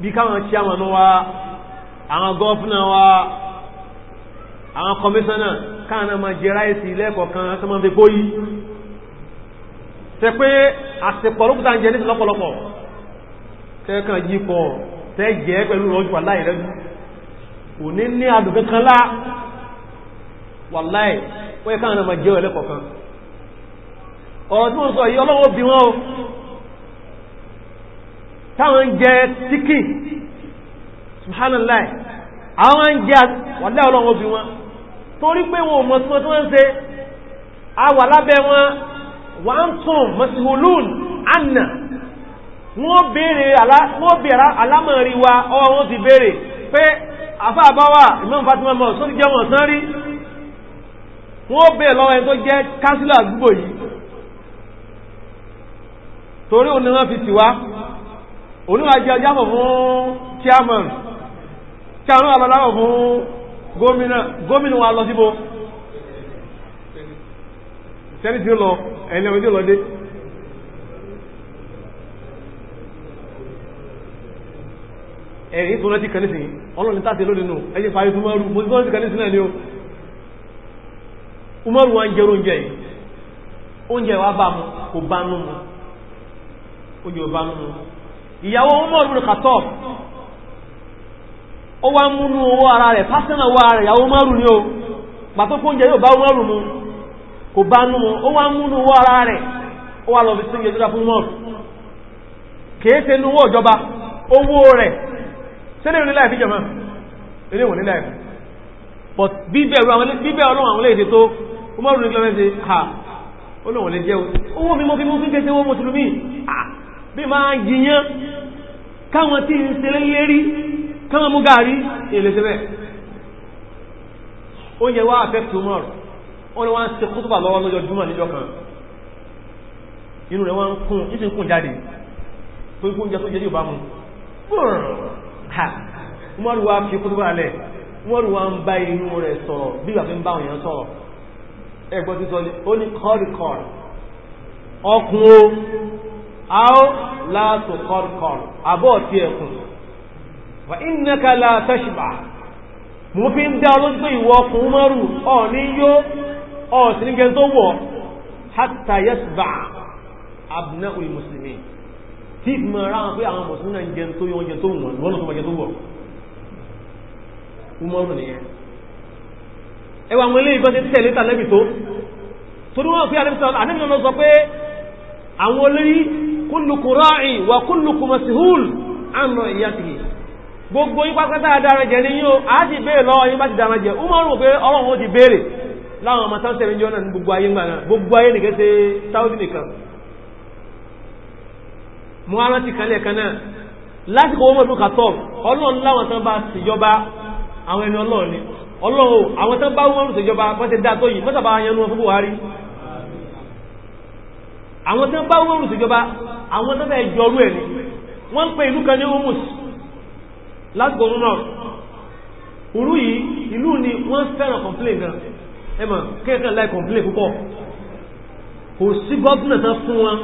bí káwọn chairman wa àwọn gọ́fúnà wa àwọn kọmíṣánná káwọn náà máa jẹ ráìsì lẹ́ẹ̀kọ̀ọ̀kan tó máa fi kóyí tẹ pé àsìpọ̀ lókùtà ń jẹ ní lọ́pọ̀lọpọ̀ tẹ́ẹ̀kan yí pọ̀ tẹ́ẹ̀jẹ́ pẹ̀lú rọ́jú aláìrẹ́jú kò ní ní adùn kankan lá wàláì wọ́n yẹ káwọn náà máa jẹ́ ẹlẹ́kọ̀ọ̀kan ọ̀rọ̀ tí wọ́n sọ yìí ọlọ́wọ́ bí wọ́n o táwọn jẹ tíkì subhanallah àwọn ń jẹ wàlẹ́ ọlọ́wọ́ bí wọ́n torí pé wọn ò mọ̀ tí wọ́n tí wọ́n ń ṣe a wà lábẹ́ wọn wà ń tún mọ̀síhùlùn àná wọ́n béèrè alámọ̀rí wa ọwọ́ wọn ti béèrè pé afá àbáwà Imam Fatima mọ̀ sóti jẹ́ wọn sán rí wọ́n béèrè lọ́wọ́ ẹni tó jẹ́ kánsílà àdúgbò yìí torí òun ni wọ́n fi tì wá oníwà jẹ́ ọjọ́ fún chairman tí àwọn abaláwọ̀ fún gómìnà wa lọ síbò tẹ́lì tí ó lọ ẹ̀lẹ́ ojú lọ dé ẹ̀yìn tó rántí kan nísìnyí ọlọ́ni tàbí lónìí nù ẹjẹ́ parí tó mọ́rù mo ti rántí kan nísìnyí ni ó umaru wa ń jẹ́ oúnjẹ yìí oúnjẹ wa bá mu kò bá nù mu kójú ọba nù ìyàwó Umar bin Khattab ó wá múnú owó ara rẹ̀ pásánà rẹ̀ ìyàwó ní o pàtó kó oúnjẹ yóò bá kò bá nú ó wá owó ara rẹ̀ ó wá lọ fi sínú ìjọba fún mọ́rù kèése nú owó ìjọba owó rẹ̀ sílẹ̀ onílà ìfíjọba ilé ìwọ̀n nílà bíbẹ̀ ọlọ́run àwọn léèdè tó bí máa yíyán káwọn tí ń ṣe lérí káwọn mú gàrí ìlẹ́sẹ̀ bẹ́ẹ̀ oúnjẹ wá affect Umar wọ́n ni wọ́n ń ṣe kútùbà lọ́wọ́ lọ́jọ́ júmọ̀ níjọ́ kan inú rẹ̀ wọ́n ń kún ìsì ń kún jáde tó ikú oúnjẹ tó jẹ́ yóò bá mú Umar wá fi kútùbà lẹ̀ Umar wá ń bá inú rẹ̀ sọ̀rọ̀ bí ìgbà fi ń bá òyìn sọ̀rọ̀ ẹgbọ́n ti sọ ni ó ní kọ́ọ̀rì kọ́ọ̀rì ọkùn o aw láàtò kọ́rkọ́r àbọ̀ tí ẹkùn wà innaka la tashba mo fi ń dá olójú pé ìwọ ọkùn mọ́rù ọ̀ ní yó ọ̀ sí ní gẹ́gẹ́ tó wọ̀ hatta yashba abna'ul muslimin tí ìfìmọ̀ ara wọn pé àwọn mùsùlùmí náà ń jẹun tó yọ oúnjẹ tó wọ̀ lọ́nà tó mọ̀ jẹ tó wọ̀ umaru nìyẹn ẹwà àwọn ilé ìbọn ti tẹ̀lé tàlẹ́bì tó torí wọn fi àlẹ́bì sọ àlẹ́bì sọ pé àwọn olóyìí kullukum ra'i wa kullukum mas'ul an ra'iyatihi gbogbo yín pátápátá adára jẹ ní a ti béèrè lọ́wọ́ yín bá ti dára jẹ ó pé ọlọ́run ó ti béèrè láwọn ọmọ gbogbo ayé gbogbo ayé nìkan ṣe sáúdì nìkan mo ara ti kalẹ̀ kan náà kàtọ́ ọlọ́run láwọn tán bá ṣèjọba àwọn ẹni ni ọlọ́run àwọn tán bá àwọn tó bẹ́ẹ̀ jọrú ẹ̀ ni wọ́n ń pe ìlú kan ní humus lásìkò ọdún náà òru yìí ìlú ni wọ́n fẹ́ràn complain gan ẹmọ̀ kẹ́ẹ̀kẹ́ láì complain púpọ̀ kò sí gọ́ọ̀nà tán fún wọn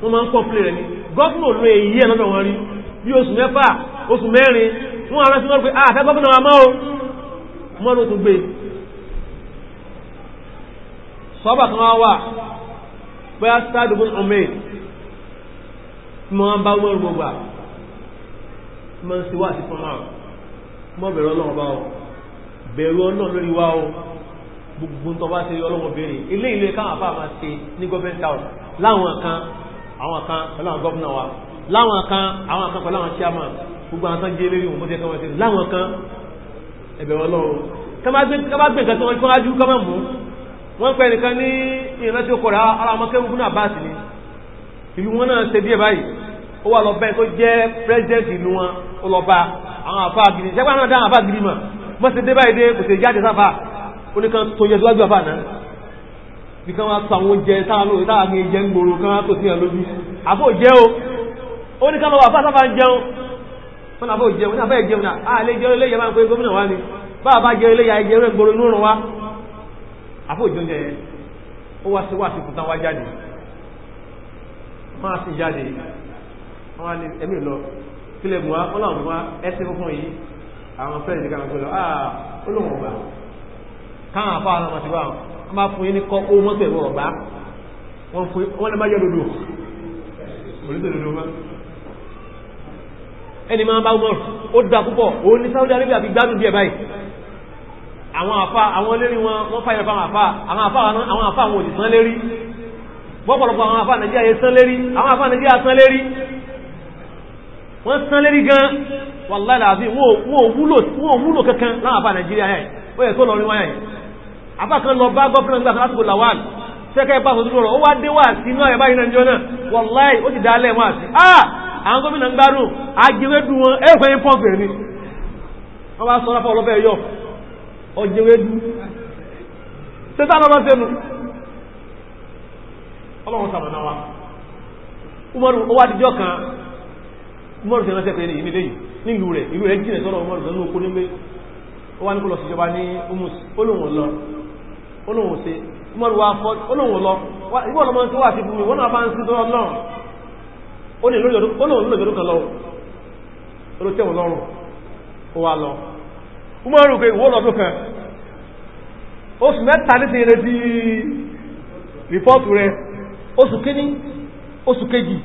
wọ́n máa ń complain rẹ̀ ni gọ́ọ̀nà ló èyí ẹ̀ lọ́dọ̀ wọn rí bí oṣù mẹ́fà oṣù mẹ́rin wọ́n ará sí wọ́n pé àfẹ́ ah, gọ́ọ̀nà wa mọ́ o mọ́ ló tún gbé sọ́bà kan wá wà pé á sáàdùgbọ́n ọmọ tí wọ́n bá wọ́n gbogbo tí wọ́n sì wá sí fún wa mọ́ bẹ̀rù ọlọ́run bá ọ bẹ̀rù ọlọ́run lórí wa ọ gbogbo tó bá ṣe ọlọ́run béèrè ilé ilé káwọn àbá máa ṣe ní gọ́ọ̀mẹ́ntì house láwọn kan àwọn kan pẹ̀lú àwọn gọ́ọ̀nà wa láwọn kan àwọn kan pẹ̀lú àwọn chairman gbogbo àwọn kan jẹ́ lérí òun mọ́tẹ́ kan wọ́n ṣe láwọn kan ẹ̀bẹ̀rù ọlọ́run kama gbé nǹkan tí wọ́n kọ́ ájú kama mú wọ́n pẹ́ nìkan ní ìrántí okòrò ara ọmọ kẹ́rù ìlú wọn náà ṣe díẹ̀ báyìí ó wà lọ bẹ́ẹ̀ tó jẹ́ president ìlú wọn ó lọ bá àwọn àfa gidi ṣẹ́gbà náà dá àwọn àfa gidi mọ̀ mọ́ ṣe dé báyìí dé kò sì jáde sáfà ó ní kan tó yẹ síwájú àfa náà bí kan wá sọ àwọn oúnjẹ táwọn olóòwe táwọn agbègbè jẹ ń gbòòrò kan tó sí ẹ lójú àfọ òjẹ o ó ní kan lọ wà fún àsáfà ń jẹun wọn náà àfọ òjẹ wọn náà jẹun náà á ah, jẹun eléyà máa ń pe gómìnà wa ni bá a bá jẹun eléyà ẹ jẹun ẹ gbòòrò inú rùn wa àfọ òjẹ oúnjẹ yẹn ó wá sí wá sí kùtà wá jáde máa fi jáde wọ́n ní ẹ̀mí lọ kílẹ̀ mú wa wọ́n láwọn wá ẹsẹ̀ fúnfún yìí àwọn fẹ́ẹ̀lì kan gbọ́lọ àà ah, olóhùn ọgbà káwọn afọ àwọn ọmọdé wa wọ́n bá fún yín ní kọ́ owó mọ́tò ẹ̀wọ̀ ọgbà wọ́n fún wọ́n lè má yẹ dodo olùdó dodo mọ́ ẹni máa bá wọ́n ó da púpọ̀ ó ní Saudi Arabia fi gbádùn bí ẹ̀ báyìí àwọn àfa àwọn lérí wọn wọ́n fàyẹ̀ fáwọn àfa àwọn àfa àwọn àfa àwọn bọ́pọ̀lọpọ̀ àwọn afá nàìjíríà yẹ sán lérí àwọn afá nàìjíríà sán lérí wọ́n sán lérí gan wàláhì àfi wọ́n wúlò kankan láwọn afá nàìjíríà yẹ ó yẹ kó lọ rí wọ́n yẹ afá kan lọ bá gọ́fúnà nígbà kan lásìkò làwọn sẹ́kẹ́ bá sọ́dún lọ́rọ̀ ó wá dé wà sí náà ẹ̀bá ìrìnà ìjọ náà wàláhì ó ti dálẹ̀ àti ah àwọn gómìnà ń gbárùn wọn wọ́n bá sọ ọlọ́fẹ́ yọ ọlọ́run sàrọ̀ náà wa umaru ó wá dijọ́ kan umaru ti ránṣẹ́ pé ní ilé yìí nílùú rẹ̀ ìlú rẹ̀ jìnà sọ́rọ̀ umaru sọ́nù okó nílé ó wá ní kó lọ síjọba ní umus olóhùn lọ olóhùn wa fọ olóhùn lọ ìwọ ọlọmọ tó wà sí fún mi wọn náà bá ń sí sọ́rọ̀ náà ó ní olóhùn lójọdún kan lọ olótẹ́wọ̀n lọ́rùn ó wá lọ oṣù kíní oṣù kejì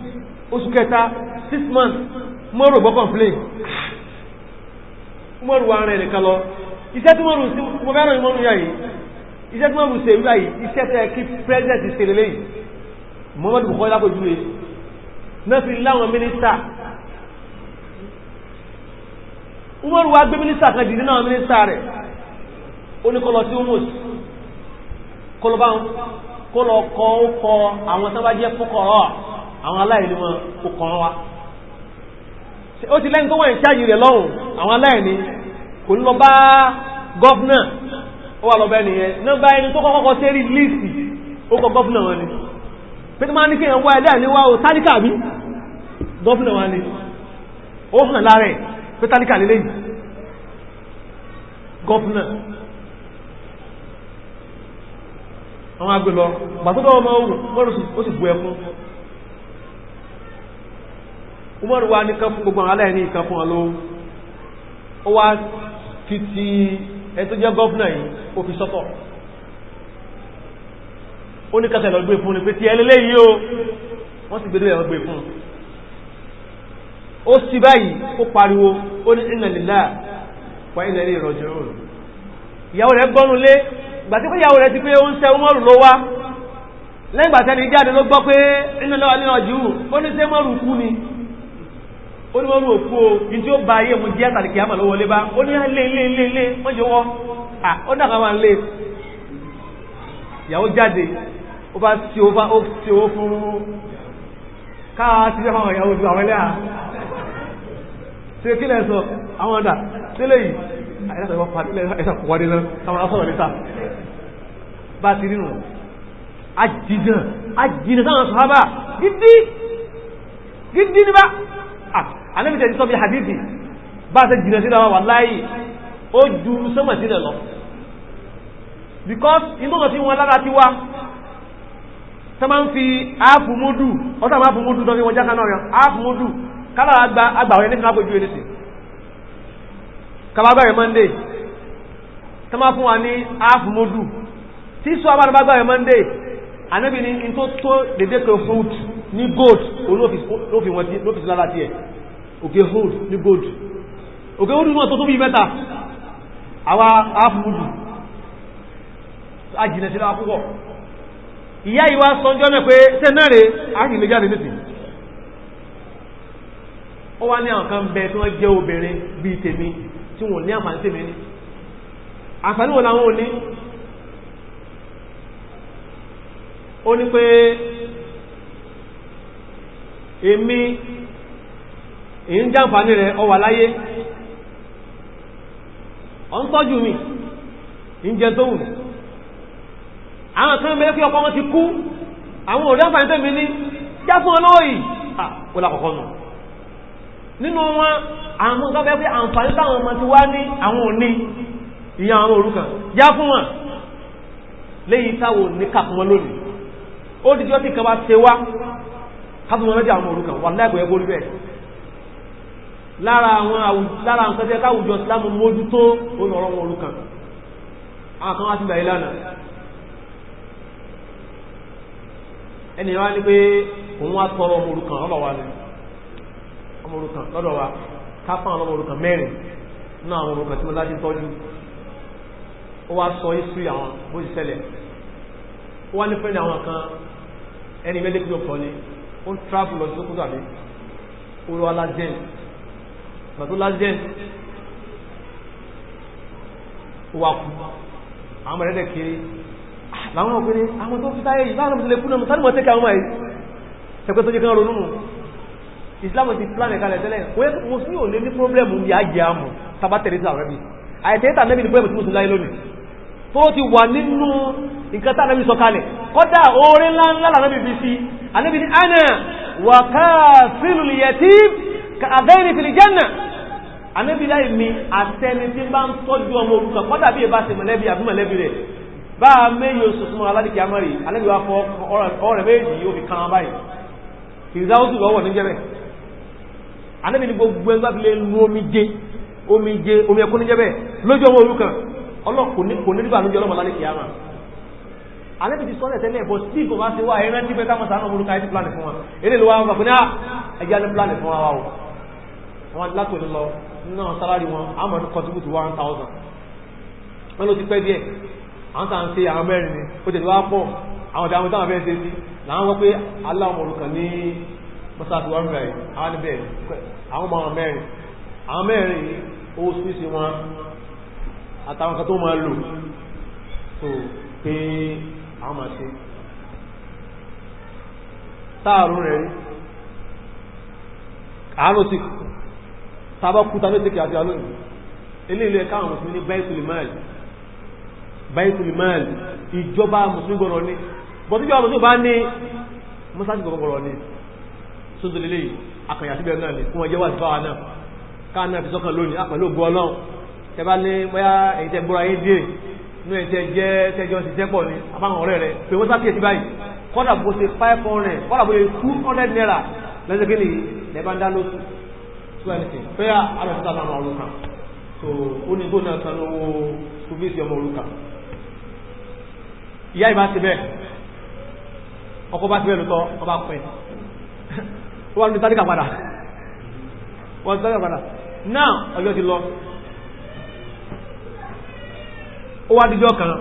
oṣù kẹta six months mọ́rù gbọ́ complain ah, mọ́rù wa rẹ̀ nìkan lọ iṣẹ́ tí mọ́rù sí mo fẹ́ràn ìmọ́rù yà yìí iṣẹ́ tí mọ́rù sí èyí báyìí iṣẹ́ tẹ́ kí president ṣe lélẹ́ yìí Muhammadu Buhari lápòjú rẹ̀ náà fi láwọn mínísítà Umaru wa gbé mínísítà kan dìde náà mínísítà rẹ̀ ó ní kọlọ sí Umus kọlọ báwọn kó lọ kọ ó kọ àwọn tó bá jẹ́ fúkọ̀rọ̀ àwọn aláìní wọn kò kàn wá ó ti lẹ́yìn tó wọ́n ń ṣáàjì rẹ̀ lọ́hùn àwọn aláìní kò ń lọ bá gọ́fúnà ó wà lọ́bẹ̀ nìyẹn nọ́mbà ẹni tó kọ́kọ́ sí rí líìsì ó kọ gọ́fúnà wọn ni pé tó máa ní kí ẹ̀wọ́ ẹ̀dá ní wá o tálíkà bí gọ́fúnà wọn ni ó hàn lára ẹ̀ pé tálíkà lélẹ́yìn gọ́fúnà àwọn agbè lọ gbàtọ́dọ̀ ọmọ Umaru ó sì bu ẹkún Umaru wa ní kan fún gbogbo àwọn aláìní ìkan fún ọ lówó ó wá fi ti ẹni tó jẹ́ gọ́fúnà yìí ó fi sọ́tọ̀ ó ní kásẹ̀ lọ fún ní pé tí ẹlẹ́lẹ́ yìí o wọ́n sì gbédé ẹ̀wọ̀n gbé fún ó sì báyìí ó pariwo ó ní inna lillahi wa inna ilayhi raji'un ìyàwó rẹ̀ gbọ́nulé gbàtí pé ìyàwó rẹ̀ ti pé ó ń ṣe Umaru ló wá lẹ́yìn gbàtẹ́ ni jáde ló gbọ́ pé inú lọ́wọ́ nínú ọjọ́ ìhù ó ní sẹ́ Umaru kú ni ó ní Umaru òkú o ní tí ó ba ayé mu jẹ́ tàbí kìámà ló wọlé bá ó ní lé lé lé lé wọ́n jẹ́ wọ́ à ó ní àkàmà ń lé ìyàwó jáde ó bá ti ó bá ó ti ó fún káà ti fẹ́ fáwọn ìyàwó ju àwọn ẹlẹ́à ṣe kílẹ̀ sọ àwọn ọ̀dà sílẹ̀ yìí ẹ̀dàkùn ẹ̀wọ́n fàdílẹ̀ ẹ̀dàkùn wádé náà àwọn asọ̀rọ̀ níta bá ti nínú àjìjàn àjìjàn sáwọn sọ̀hábà gidi gidi ní bá ànábìtẹ̀ ti sọ bí hadithi bá ṣe jìnà sí náà wà láyé ó ju sọ́mọ̀ sílẹ̀ lọ because inú ọ̀nà tí wọ́n lára ti wá tó máa ń fi áàfù múdù ọ̀tọ̀ àwọn áàfù múdù tó fi wọ́n jákàá náà rẹ̀ áàfù múdù kálára agbà àwọn ẹni tí wọ́n á pèjú ẹni sí kàbágbàrẹ̀ monday tó máa fún wa ní half modu tí sọ abára bágbàrẹ̀ monday anábì ní in tó tó dédé kan fruit ní gold olófin wọn tí lófin lára tí ẹ̀ òkè hold ní gold òkè hold ní wọn tó tó bí mẹ́ta àwa half modu ajìnà sí lára púpọ̀ ìyá ìwá sọjọ́ náà pé sẹ́nàrè ágìlẹ̀ jáde nítìí ó wá ní àwọn kan bẹ tí wọ́n jẹ́ obìnrin bí tèmi tí wọ́n ní àǹfààní tèmi ní àǹfààní wọn làwọn ò ní ó ní pé èmi èyí ń jàǹfààní rẹ̀ ọ wà láyé ọ ń tọ́jú mi ń jẹ tó wù mí àwọn kan mẹ́rin pé ọkọ wọn ti kú àwọn òde àǹfààní tèmi ní já fún ọlọ́ọ̀yì ah ó lákọ̀ọ́kọ́ nù nínú wọn àwọn kan bẹ́ẹ̀ pé àǹfààní táwọn ọmọ ti wá ní àwọn òní ìyá àwọn òrukàn já fún wọn léyìí táwọn òní kàkún wọn lónìí ó di jọ́ tí kan bá ṣe wá káfún wọn lọ́jà àwọn òrukàn wà láìpẹ́ ẹgbẹ́ orí bẹ́ẹ̀ lára àwọn lára nǹkan ìsìlámù mójú tó olùrọ̀ wọn olùkàn àkan wá sí ẹni wá ní pé òun wá tọrọ ọmọ ọlọ́wà ni ọmọ òrukàn lọ́dọ̀ wa ká fún àwọn ọmọ òrukàn mẹ́rin náà àwọn òrukàn tí mo láti tọ́jú ó wá sọ isu àwọn bó ti ṣẹlẹ̀ ó wá ní fẹ́ni àwọn kan ẹni mẹ́lẹ́kì lọ́pọ̀ ni ó ń travel lọ sí Sókótó àbí ó lọ alájẹ́n gbàtó lájẹ́n ó wá kú àwọn mẹ́rẹ́dẹ̀ kiri làwọn ọ̀gbìn ah, àwọn tó fi táyé yìí báwọn ọmọ tó lè kú náà mo sáré mọ́ tẹ́kẹ́ àwọn ọmọ yìí tẹ́kẹ́ tó jẹ́ kí wọ́n ronú islam ti plan ẹ̀ka lẹ̀ tẹ́lẹ̀ wọ́n yẹ mo sí ò lé ní pọ́blẹ́mù ní àjẹ́ àmọ̀ tabatẹ̀lẹ̀ tí àwẹ́bí àìtẹ́ta nẹ́bí ní pọ́blẹ́mù tí mo sì láyé lónìí tó ti wà nínú nǹkan tá nẹ́bí sọkalẹ̀ kọ́dà orin ńláńlá nẹ́bí fi sí anẹ́bí ní ana wà káàfin lìyẹtí àbẹ́ni fìlì jẹ́nà anẹ́bí láì mi àtẹni tí bá ń tọ́jú ọmọ orúkọ kọ́dà bí ìbá ti mọ̀lẹ́bí àbí mọ̀lẹ́bí rẹ̀ bá a méyò sọsọmọ aládìkí amọ́rì alẹ́bí wa fọ ọ̀rẹ́ méjì yóò fi kan báyìí kìrìsáwọ́sù lọ́wọ́ níjẹ́bẹ̀ẹ́ anábì ní gbogbo ẹgbẹ́ fi lè lu omijé omijé omi ẹkún níjẹ́ bẹ́ẹ̀ lójú ọmọ olùkàn ọlọ́kùn ní nígbà lójú ọlọ́mọ lálẹ́ kìáma anábì ti sọ́lẹ̀ tẹ́lẹ̀ bọ́ sí ìgò bá ṣe wá ẹran tí pé káwọn sàánà olùkà ẹ̀sìn plan fún wa eré ló wá wọn fún ní ẹjẹ́ fún wa o wọn látò lọ náà sálárì wọn àmọ́ ní contribute one thousand wọn ló ti pẹ́ díẹ̀ àwọn tàn ṣe àwọn mẹ́rin ni ó tẹ̀lé wá pọ̀ àwọn ìdáhùn táwọn fẹ́ ṣe sí làwọn wọ́n pé aláwọ̀ olùkàn ní mọ́sáàtì wọ́n rẹ̀ àwọn níbẹ̀ àwọn ọmọ mẹ́rin àwọn mẹ́rin ó sí sí wọn àtàwọn kan tó máa lò tó pé àwọn máa ṣe táàrùn rẹ̀ rí àánú sí tàbákúta méjèkì àti alóyìn ilé ilé káwọn mùsùlùmí ní baitul mal baitul mal ìjọba mùsùlùmí gbọ́rọ̀ ní bọ̀tíjọba mùsùlùmí bá ní mọ́sáàtì gbọ́rọ̀ ní akànyàsíbẹ̀ náà ni fún ọjọ́ wà sí fáwa náà káà náà fi sọ́kàn lónìí àpẹ̀lú ògbó ọlọ́run tẹ́bá ní bóyá èyí tẹ́ búra yín díè inú èyí tẹ́ jẹ́ tẹ́jọ́ sí tẹ́pọ̀ ni àbáwọn ọ̀rẹ́ rẹ̀ pé wọ́n sáfíyèsí báyìí kọ́dà bó ṣe five hundred kọ́dà bó ṣe two hundred naira lẹ́sẹ̀ kí ni lẹ́bá ń dá lóṣù two anything pé àlọ́ sísá máa máa olùkà so ó ní tó náà san owó sùfíìsì ọmọ olùkà ìyá ìbá ti bẹ́ẹ̀ ọkọ̀ bá ti bẹ́ẹ̀ lóòótọ́ ọ tó wà ní tálíkà padà wọ́n ti tálíkà padà náà ọjọ́ ti lọ ó wá díjọ́ kan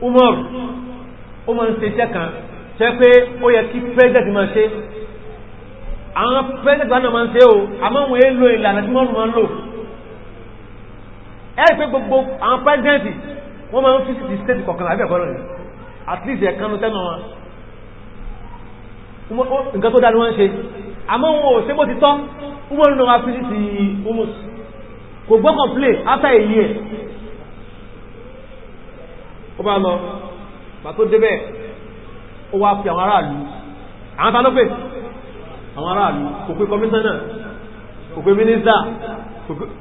Umar ó máa ń ṣe iṣẹ́ kan ṣe pé ó yẹ kí president máa ṣe àwọn president wa náà máa ń ṣe o àmọ́ wọn èé lo ìlànà tí wọ́n máa ń lò ẹ rí pé gbogbo àwọn president wọ́n máa ń fi sí state kọ̀ọ̀kan àbẹ̀kọ́ lọ́nà at least ẹ̀kan ló tẹ́nu wọn nǹkan tó dáni wọ́n ṣe àmọ́ wọn ò ṣe bó ti tọ́ umaru náà wá fíjì ti humus kò gbọ́ complain after a year ó bá lọ bà tó débẹ̀ ó wá fi àwọn aráàlú àwọn ta ló pè àwọn aráàlú kò pé kọmíṣánná kò pé mínísítà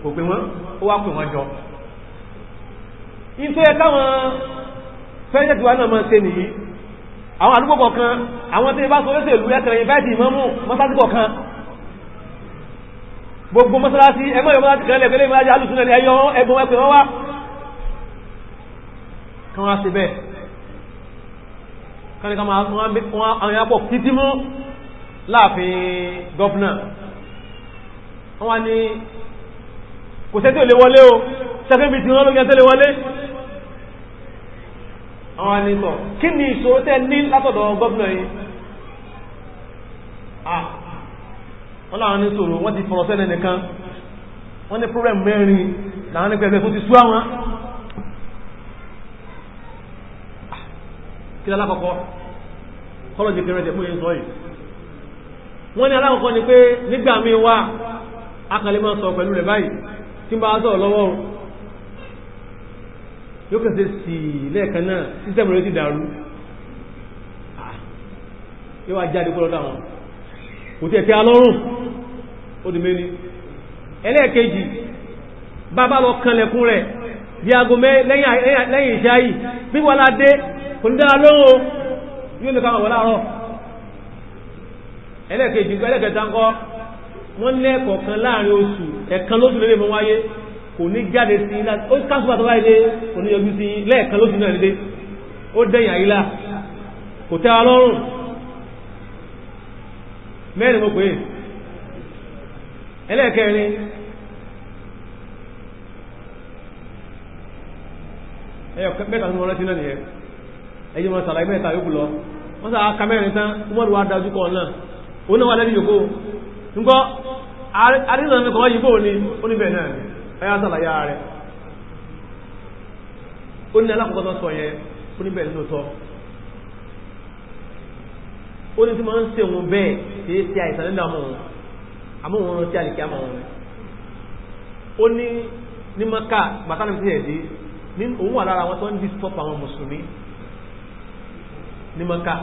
kò pé wọn ó wá pè wọn jọ ìfẹ́ káwọn fẹ́jẹ̀tì wa náà máa ṣe nìyí àwọn àdúgbò kọ̀ọ̀kan àwọn tí bá sọ lẹ́sẹ̀ ìlú ẹ̀sẹ̀ ìfẹ́ẹ̀tì ìmọ́mù mọ́sálásí kọ̀ọ̀kan gbogbo mọ́sálásí ẹgbẹ́ ìyọ̀ mọ́sálásí kan lẹ́gbẹ̀lẹ́ ìmọ́lájá alùsùn ẹ̀yọ ẹgbọ́n ẹgbẹ̀ wọ́n wá kan wá sí bẹ́ẹ̀ kan ní ká máa àwọn apọ̀ títí mú láàfin gọ́fúnà wọ́n wá ní kò sẹ́tí ò lè wọlé o sẹ́kẹ́ àwọn anìtọ̀ kí ni ìṣòro tẹ́ ní látọ̀dọ̀ gọ́ọ̀nà yìí ah, wọ́n láwọn ní sọ̀rọ̀ wọ́n ti fọ̀rọ̀ sẹ́nẹ̀ nìkan wọ́n ní problem mẹ́rin láwọn ní pẹ̀lú ti sú àwọn ah, kí lálákọ̀ọ́kọ́ kọ́lọ̀jì kẹrẹ tẹ̀ fún ìsọ́ yìí wọ́n ni pé nígbà míì wà akàlẹ́mọ́ sọ pẹ̀lú rẹ̀ báyìí yóò kàn ṣe sì lẹ́ẹ̀kan náà sísẹ́mù rẹ̀ ti dàrú ah, yóò wá jáde pọ́lọ́ dáwọn kò tí ẹ̀ tí a lọ́rùn ó dì méní ẹlẹ́ẹ̀kejì bàbá lọ kanlẹ̀kún rẹ̀ bí aago lẹ́yìn iṣẹ́ ayì bí wà ládé kò ní dára lọ́rùn yóò lè káwọn wọ́láàrọ̀ ẹlẹ́ẹ̀kejì ẹlẹ́ẹ̀kẹta ń kọ́ wọ́n lẹ́ẹ̀kọ̀ọ̀kan láàrin oṣù ẹ̀kan lóṣù lélẹ̀ mọ́ kò ní jáde sí iná ó kásùpà tó bá ilé kò ní yọjú sí lẹ́ẹ̀kan lóṣù náà nílé ó dẹ̀yìn àyílá kò tẹ́ wa lọ́rùn mẹ́rin mo pè é ẹlẹ́ẹ̀kẹrin ẹyọ mẹ́ta tó mọ́ rántí náà nìyẹn ẹyẹ wọn sàlàyé mẹ́ta yóò lọ wọ́n sàá ka mẹ́rin tán wọ́n wá dájú kọ náà ó náà wà lẹ́nu yòókó nǹkan àrílànà kan yìí bò ní oníbẹ̀ náà ẹyà sàlàyé rẹ̀ ó ní alákọ̀ọ́kọ́ sọ yẹn ó ní bẹ̀rẹ̀ lóòótọ́ ó ní tí máa ń ṣe òun bẹ́ẹ̀ tí é ṣe àìsàn nínú àmọ́ òun àmọ́ òun rántí àlìkí àmọ́ òun ó ní ní maka bàtàlù sí ẹ̀dí ní òun wà lára wọn tó ń disturb àwọn mùsùlùmí ní maka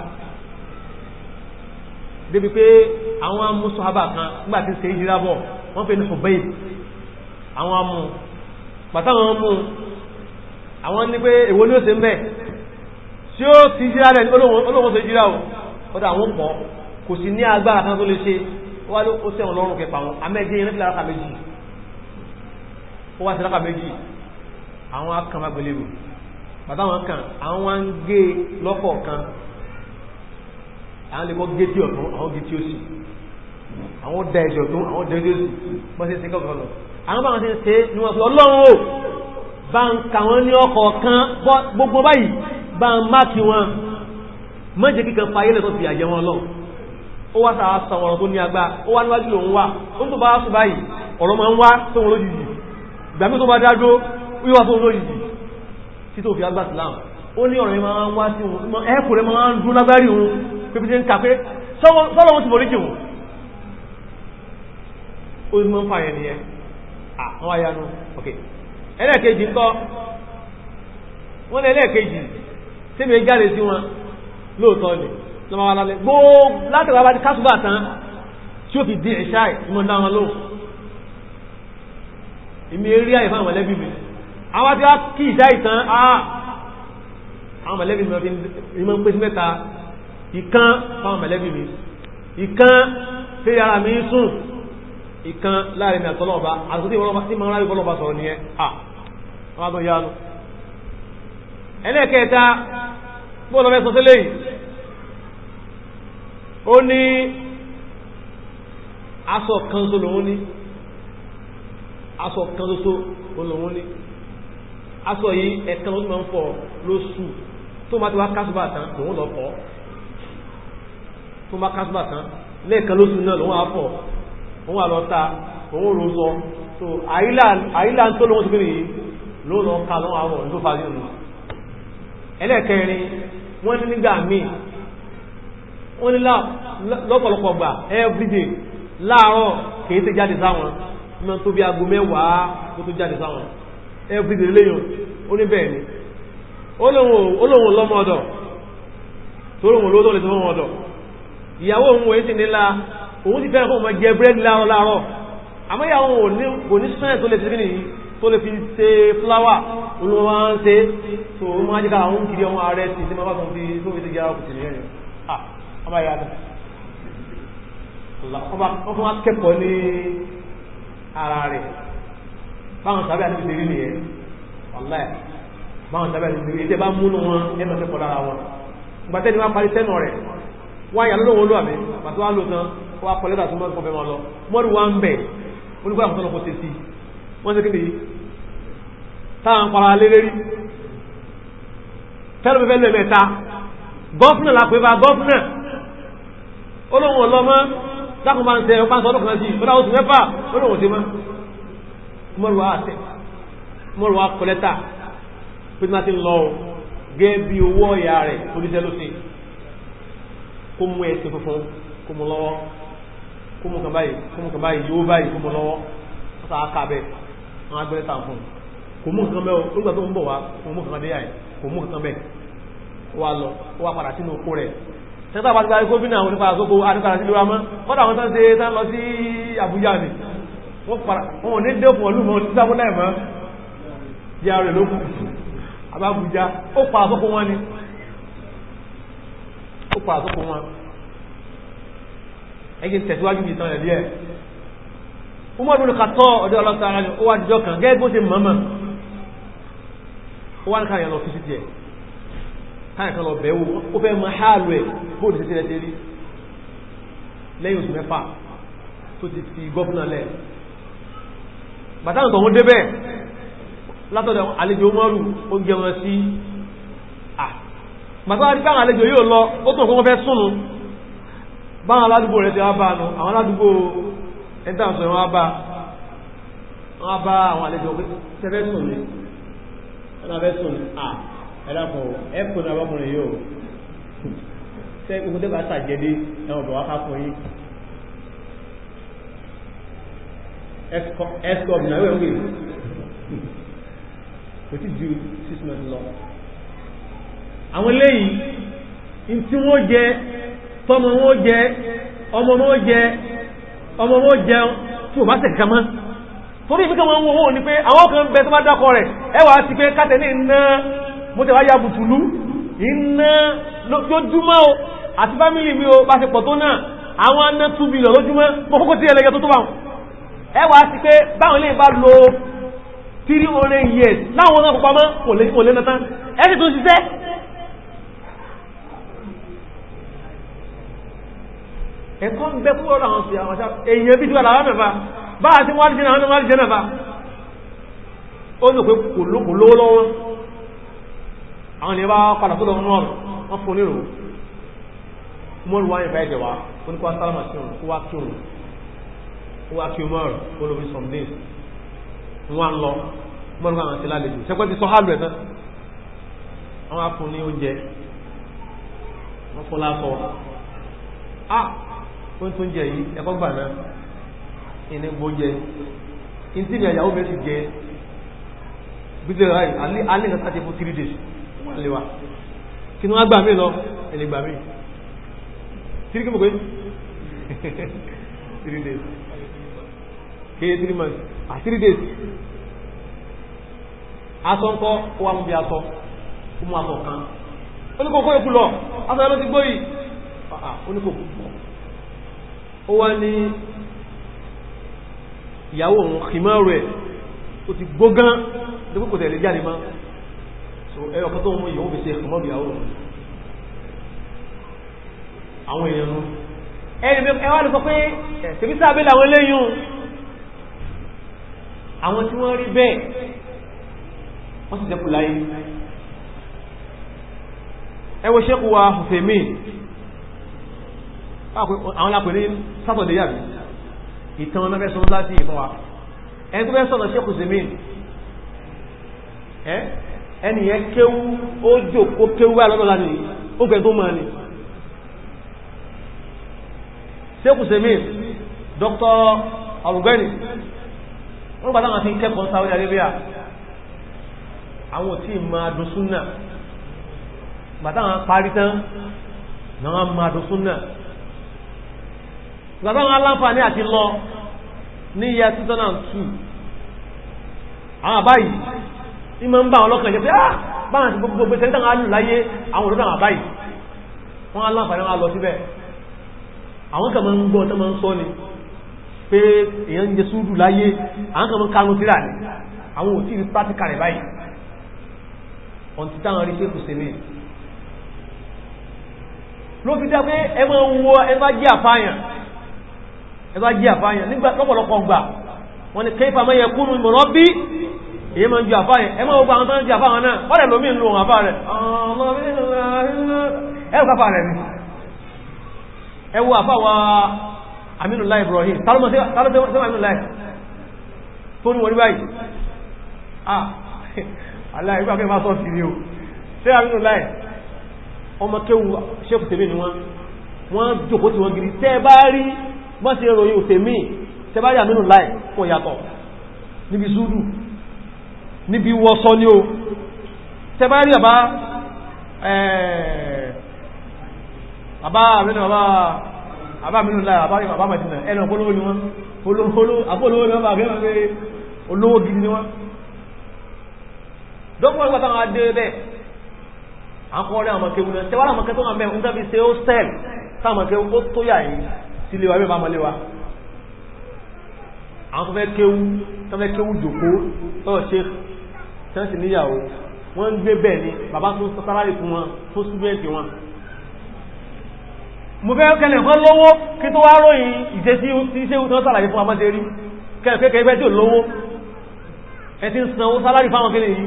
débi pé àwọn amúsọ̀ abà kan nígbà tí ń ṣe ìjírá bọ̀ wọ́n fẹ́ ní ọ̀bẹ́yìí àwọn amú pàtàwọn amú àwọn ní pé èwo ní ó se ń bẹ̀ tí ó ti jíra rẹ̀ olóhun se jíra o ọdá àwọn pọ̀ kò sí ní agbára kan tó lè ṣe wá ló ó sẹ́wọ̀n lọ́rùn kẹpa wọn amẹ́jẹ́ yẹn lẹ́fìlà ráka méjì ó wá sí ráka méjì àwọn akàn má gbélébù pàtàwọn kan àwọn wá ń gé lọ́pọ̀ kan àwọn lè kọ́ gé tí ọ̀tún àwọn gé tí ó sì àwọn da ẹ̀jọ̀ tó àwọn da ẹ̀jọ̀ sí sí kọ́kọ́ lọ àwọn báwọn ti ń ṣe ni wọ́n fi ọlọ́run o bá ń kà wọ́n ní ọkọ̀ kan gbogbo báyìí bá ń máàkì wọn mọ́jẹ́ kíkan fayé lẹ́tọ́ fi àjẹ wọn lọ ó wá sàá sọ ọ̀rọ̀ tó ní agbá ó wá níwájú lòun wá ó ń tó bá wá sùn báyìí ọ̀rọ̀ máa ń wá tó wọn lójijì ìgbà mi tó bá dájú wíwá tó wọn lójijì tí tó fi agbá sílámù ó ní ọ̀rọ̀ yẹn máa ń wá sí wọn ẹ̀kùn rẹ̀ máa ń dún lágbárí wọn pípí tí ń kà pé sọ́wọ́ wọn ti forí jì wọn ó ní mọ́ ń fa yẹn nìyẹn àwọn ah, ayanu ok ẹlẹ́ẹ̀kejì ńkọ́ wọ́n lé ẹlẹ́ẹ̀kejì tí mi jáde sí wọn lóòótọ́ ni lọ́mọ wa lálẹ́ gbogbo látọ̀ bá ti kásùbà tán tí ó fi di ìṣáì ìmọ̀ dá wọn lóhùn èmi eré àyè fáwọn mọ̀lẹ́bí mi àwọn tí wá kí ìṣáì tán á àwọn mọ̀lẹ́bí mi ìmọ̀ ń pèsè mẹ́ta ìkan fáwọn mọ̀lẹ́bí mi ìkan tí yàrá mi ń sùn ìkan láàrin àtọ́lọ́ọ̀bá àti tí ma ń rárí bọ́lọ́ọ̀bá sọ̀rọ̀ ni ẹ àwọn àtọ́ ìyá lọ ẹlẹ́ẹ̀kẹta bóòlọ́ mẹ́sọ sílẹ̀ yìí ó ní aṣọ kan tó lòun ní aṣọ kan tó tó lòun ní aṣọ yìí ẹ̀kan ló ti máa ń fọ̀ lóṣù tó máa ti wá kásùbà tán lòun lọ fọ̀ tó máa kásùbà tán lẹ́ẹ̀kan lóṣù náà lòun á fọ̀ òun wà lọ́ta òun rò sọ so àìlà tó lọ́wọ́ síbí nìyí ló lọ ká lọ́wọ́ àwọn ọ̀rọ̀ tó fa nínú ẹlẹ́ẹ̀kẹrin wọ́n ní nígbà míì wọ́n ní lọ́pọ̀lọpọ̀ gbà everyday láàárọ̀ kìí tẹ jáde sáwọn mọ́ tó bí aago mẹ́wàá tó tó jáde sáwọn everyday léyàn ó ní bẹ́ẹ̀ ni olóhun lọ́mọ ọ̀dọ̀ tó lóhun lóòótọ́ lè tó fún ọ̀dọ̀ ìyàwó òun wòye sì nílá òun ti fẹ́ràn fún ọmọ jẹ búrẹ́dì láàárọ̀ láàárọ̀ àmọ́yàwó kò ní sẹ́ẹ̀ tó lè fi ní tó lè fi ṣe fúláwà olówó wá ń ṣe tó o máa jíká àwọn kiri ọmọ ààrẹ sí sí máa fi tó fi ti gẹ́ ọkùn sí lẹ́yìn ọmọ ìyá náà wọ́n fún akẹ́kọ̀ọ́ ní ara rẹ̀ báwọn sábẹ́ àti ìlérí nìyẹn ọ̀láì báwọn sábẹ́ àti ìlérí ìtẹ́ bá múnú wọn ẹ̀mọ̀ kẹ́kọ̀ọ́ lára wọn ìgbàtẹ́ni wá parí sẹ́nu rẹ̀ wáyà lọ́wọ́ lọ́wọ́ àbí àbàtúwá lò tán wá kọ lẹ́tà tó mọ́ kọfẹ́ wọn lọ mọ́rù wá ń bẹ̀ onígbà àwọn tọ́lọ́kọ́ ṣe sí wọ́n ṣe kí nìyí táwọn para lé lérí tẹ́lẹ̀ fẹ́ lè mẹ́ta gọ́fúnà làpẹ́ bá gọ́fúnà olóhùn ọlọ́mọ dákùn bá ń tẹ ọpá sọ́dọ̀ kan sí ọdá oṣù mẹ́fà olóhùn ti mọ́ mọ́rù wá àtẹ mọ́rù wá kọ lẹ́tà pé tí wọ́n ti ń lọ gẹ́ bí owó ọ̀yà rẹ̀ oníṣẹ́ ló ṣe kó mú ẹsẹ̀ funfun kó mú lọ́wọ́ kó mú kan báyìí kó mú kan báyìí yóò báyìí kó mú lọ́wọ́ ọ̀sá aka bẹ́ẹ̀ wọ́n á gbẹ́lẹ́ta fún kò mú kan bẹ́ẹ̀ ó gbà tó ń bọ̀ wá kò mú kan déyà kò mú kan bẹ́ẹ̀ wà lọ wà padà sínú oko rẹ̀ tẹ́tà bá ti parí gómìnà àwọn onípa àgbógbó adúpadà sí lóra mọ́ kọ́dà àwọn tán ṣe tán lọ sí Àbújá ni wọ́n para wọn ò ní dé fún ọlú mọ́ sí sábọ́ náà mọ́ yà rẹ̀ ló kù Àbújá ó pa àsọ́kò wọn ni ó pa àsọ́kò wọn ẹgbẹ́ tẹ̀síwájú ìtàn rẹ̀ díẹ̀ Umar bin Khattab ọ̀dọ̀ ọlọ́sàárá ni ó wá dijọ́ kan gẹ́gẹ́ bó ṣe mọ̀mọ̀ ó wá ní káyọ̀ lọ fi sí tiẹ̀ káyọ̀ kan lọ bẹ̀wò ó fẹ́ mọ háàlù ẹ̀ bóòdù sí tẹ́lẹ̀ tẹ́lẹ̀ lẹ́yìn oṣù mẹ́fà tó ti fi gọ́fúnà lẹ̀ bàtà nǹkan wọn débẹ̀ látọ̀dọ̀ àlejò Umaru ó jẹun sí à bàtà wọn rí pé àwọn àlejò yóò lọ ó tún kó wọn fẹ́ súnnu báwọn aládùúgbò rẹ̀ ti wá bá nù àwọn aládùúgbò ẹ̀ntàǹsọ̀ wọn bá wọn bá àwọn àlejò pé tẹ́fẹ́ sùn ní ẹ̀nà fẹ́ sùn à ẹ̀dàpọ̀ ẹ̀kùn náà bọ́kùnrin yóò tẹ́ gbogbo tẹ́ bá sàjẹ́dé ẹ̀wọ̀n bọ̀ wá ká fún yín ẹ̀kọ́ náà wẹ̀ wẹ̀ kò tí ju six months lọ àwọn eléyìí tí wọ́n jẹ́ tọmọ wọn ó jẹ ọmọ wọn ó jẹ ọmọ wọn ó jẹun tí ò bá ṣe kankan mọ́ torí ìfikẹ́ wọn wọ́n ní pé àwọn kan bẹ tó bá dákọ rẹ̀ ẹwà ti pé kátẹ̀ ní iná mo tẹ̀wá ya bùtùlú iná lójúmọ́ o àti fámílì mi o bá ṣe pọ̀ tó náà àwọn aná túbí lọ lójúmọ́ mo kókó tí ẹlẹ́gẹ́ tó tó báwọn ẹwà ti pé báwọn lè bá lo 300 years láwọn náà kópa mọ́ kò lè náà tán ẹ sì ṣiṣẹ́ ẹ̀kọ́ ń gbẹ́ púpọ̀ àwọn sí àwọn èèyàn bí tíwà làwọn mẹ́fà bá a ti wájú náà wájú jẹ́ mẹ́fà ó lò pé kò lókò lówó lọ́wọ́ àwọn ènìyàn bá padà tó lọ́wọ́ náà wọ́n fún nírò mọ́rù wáyé bá ẹ̀jẹ̀ wá ó ní kó wá sálàmà sí òun kó wá kí òun kó wá kí òun ah ó ń tó ń jẹ yìí ẹ̀kọ́ gbà náà ìní gbóúnjẹ ìntí ni àyàwó mi ti jẹ bídé ráì alẹ́ ìgbà tàbí fún three days wọ́n lè wa kí ni wọ́n gbà mí lọ ẹ̀lẹ́ gbà mí three kí mo pé three days kéye three months à ah, three days aṣọ ń kọ́ ó wà mú bí aṣọ ó mú aṣọ kan ó ní kò lọ aṣọ ẹ̀rọ ti gbóyìí ah, ah, ó ní ó wá ní ìyàwó òun kìmọ́ rẹ̀ ó ti gbógán dípò kò tẹ̀lé jáde mọ́ so ẹyọ kan tó mú ìyàwó fi ṣe kìmọ́ ìyàwó òun àwọn èèyàn nù ẹni ẹwà lè sọ pé tèmi sábẹ́ làwọn léyìn àwọn tí wọ́n rí bẹ́ẹ̀ wọ́n sì jẹ́ láyé ẹ ṣẹ́kù wa hùfèmí àwọn lápẹ̀ ní sátọ̀dé yàrí ìtàn ọ̀nà fẹ́sọ̀ láti ìfọ́ wa ẹni tó fẹ́ sọ̀rọ̀ ṣe kù sí mí ẹni yẹn kéwú ó jòkó kéwú wà lọ́dọ̀ láti ó fẹ́ tó mọ̀ ni ṣe kù sí mí Dr. Al-Ubaidi wọ́n gbàdá wọn ti kẹ́kọ̀ọ́ Saudi Arabia àwọn tí ma dùn súnà gbàdá wọn parí tán náà ma dùn súnà ìgbàtàwọn aláǹfààní àti lọ ní iye 2002 àwọn àbáyìí ní ma ń bá ọlọ́kàn jẹ́ pé ah báwọn àti gbogbo gbogbo tẹ́lítàn alù láyé àwọn òdòdó àbáyìí wọ́n aláǹfààní wọn lọ síbẹ̀ àwọn kan máa ń gbọ́ tó máa ń sọ ni pé èèyàn ń jẹ súúdù láyé àwọn kan máa ń kánú tíra ni àwọn òtí rí pátíkà rẹ̀ báyìí ọ̀n ti táwọn rí ṣékù sí ní ló fi dá pé ẹ máa ń wọ ẹ bá jẹ́ àfáàyàn ẹbá jí àfáyàn nígbà lọ́pọ̀lọpọ̀ gbà wọ́n ni kéfà mọ́ yẹ kúrú ìmọ̀rọ̀ bí èyí ma ń ju àfáyàn ẹ máa gbogbo àwọn tó ń ju àfáyàn náà wọ́n lè lómi ń lo ohun àfá rẹ̀ ẹ̀rù káfà rẹ̀ ni ẹ wo àfá ah aláìgbà kẹfà sọ sí ni o sí Aminullah ọmọ kéwu ṣẹ́kù tèmi ni wọ́n wọ́n jòkó tí wọ́n gidi tẹ́ bá rí mọ́ sí ròyìn òfè míì tẹ bá yà mínú láì kò yàtọ̀ níbi súdù níbi wọ́sọ́ ní o tẹ bá rí àbá àbá àmínú àbá àbá àmínú láì àbá rí àbá màdínà ẹnà polówó ni wọ́n polówó ni wọ́n bá gẹ́gẹ́ pé olówó gidi ni wọ́n dọ́pọ̀ ìgbà táwọn adé bẹ́ẹ̀ àkọọ́rẹ́ àwọn akẹ́wù náà sílé wa bí máa mọ́lé wa àwọn tó fẹ́ kéwú tó fẹ́ kéwú jòkó tọ́rọ̀ ṣe tẹ́ǹsì níyàwó wọ́n ń gbé bẹ́ẹ̀ ni bàbá tó sọ sálárì fún wọn tó súgbẹ́ǹtì wọn mo fẹ́ kẹ́lẹ̀ kan lówó kí tó wá ròyìn ìṣesí iṣẹ́ tó sàlàyé fún amọ́ tẹ́rí kẹ́kẹ́kẹ́ tí ò lówó ẹ ti ń san owó sálárì fáwọn kẹ́lẹ̀ yìí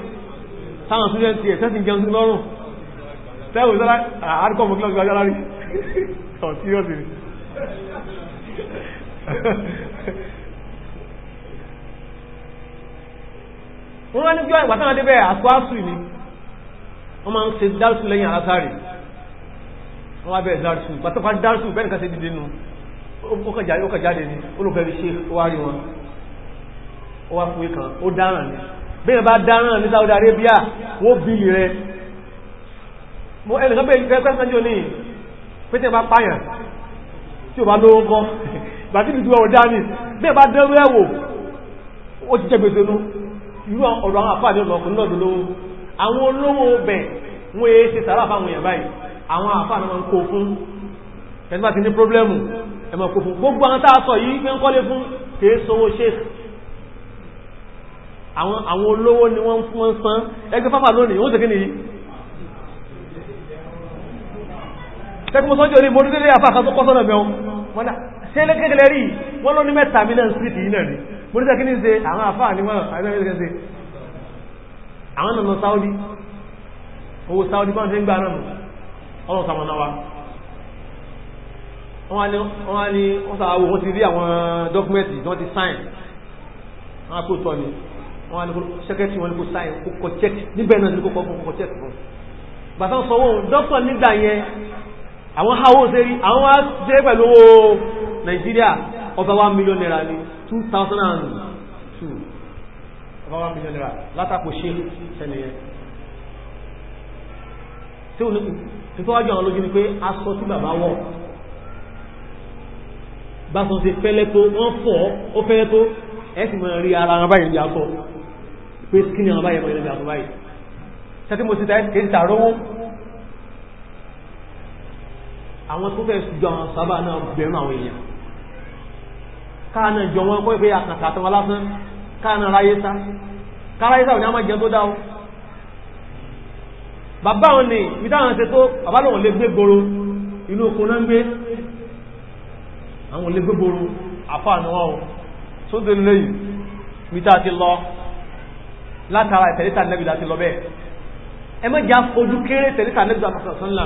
sáwọn súgbẹ́ǹtì ẹ̀ tẹ́sì jẹun sí lọ́rùn tẹ́wò sálárì àárúkọ̀ mọ́kílọ́gbẹ̀ sálárì wọ́n wá ní bí wọ́n ìgbàtánà débẹ̀ àtúwásù ni wọ́n máa ń ṣe dárùsù lẹ́yìn alásàrì wọ́n wá bẹ̀rẹ̀ dárùsù pàtàkì dárùsù bẹ́ẹ̀ nìkan ṣe dìde nù ó kàn jáde ní olùfẹ́rí ṣe wárí wọn ó wá fún ikan ó dáràn ní bẹ́ẹ̀ bá dáràn ní Saudi Arabia wó bílì rẹ ẹnìkan bẹ́ẹ̀ fẹ́ pẹ́sẹ́jọ́ ní pété bá pààyàn tí ò bá lówó kọ́ bàtíbi tí wọ́n dání bẹ́ẹ̀ bá dẹ́rú ẹ̀wò ó ti jẹ́gbèsè nú irú ọ̀rọ̀ àwọn àfáà ní ọmọkùnrin náà lówó àwọn olówó bẹ̀ wọ́n èé ṣe sàárà fáwọn èèyàn báyìí àwọn àfáà náà kó fún ẹgbà ti ní pọ́blẹ́mù ẹmọ̀ kó fún gbogbo àwọn tá a sọ yìí pé ń kọ́lé fún kèé sọwọ́ sheikh àwọn olówó ni wọ́n fún wọn san ẹgbẹ́ fáfà lónìí wọ́n tẹ̀kí nìyí tẹ́kùn sọ́jọ́ ní mo dúdé àfáà kan tó kọ́ sọ́nà mẹ́wọ́n ṣe ilé kékeré rí wọ́n ló ní mẹ́ta mílíọ̀n síìtì yìí náà ni mo ní sẹ́kí ní ṣe àwọn àfáà ní wọ́n àwọn ọ̀nà Saudi owó Saudi bá ń ṣe ń gbà náà ọ̀nà sàmọ̀nà wa wọ́n ní wọ́n sàwọ́ wọ́n ti rí àwọn dọ́kúmẹ́ntì wọ́n ti sáìn wọ́n kò tọ́ ni wọ́n ní sẹ́kẹ́tì wọn ní kò sáìn kò kọ̀ chẹ́kì nígbẹ̀ náà ní kò kọ̀ kọ̀ chẹ́kì fún bàtà sọ wọ́n dọ́kítọ̀ nígbà yẹn àwọn hawó sẹ́rí àwọn wá jẹ́ pẹ̀lú owó Nigeria ọba 1 million naira ní 2002 ọba 1 million naira látàkò ṣe sẹ́niyẹ tí ó ní títọ́wájú àwọn olójú ni pé aṣọ tí bàbá wọ̀ bá sọ sí fẹ́lẹ́ tó wọ́n fọ́ ó fẹ́lẹ́ tó ẹ̀sìn mọ̀ rí ara wọn báyìí ní aṣọ pé kí ni àwọn báyìí mọ̀ ní aṣọ báyìí àwọn tó fẹ́ jọ àwọn sábà náà bẹ̀rù àwọn èèyàn káà náà jọ wọn kọ́ pé àkàtà àtàwọn lásán káà náà ráyé sá káà ráyé sá ò ní àmọ́ jẹun tó dá o bàbá wọn ni ibi táwọn ṣe tó bàbá náà lè gbé goro inú oko náà ń gbé àwọn lè gbé goro àfa ànáwá o tó dé lẹ́yìn ibi tá a ti lọ látara ìtẹ̀lẹ́ta nẹ́bí láti lọ bẹ́ẹ̀ ẹ mọ̀ jẹ́ àfojú kéré ìtẹ̀lẹ́ta nẹ́bí láti lọ sọ́nlá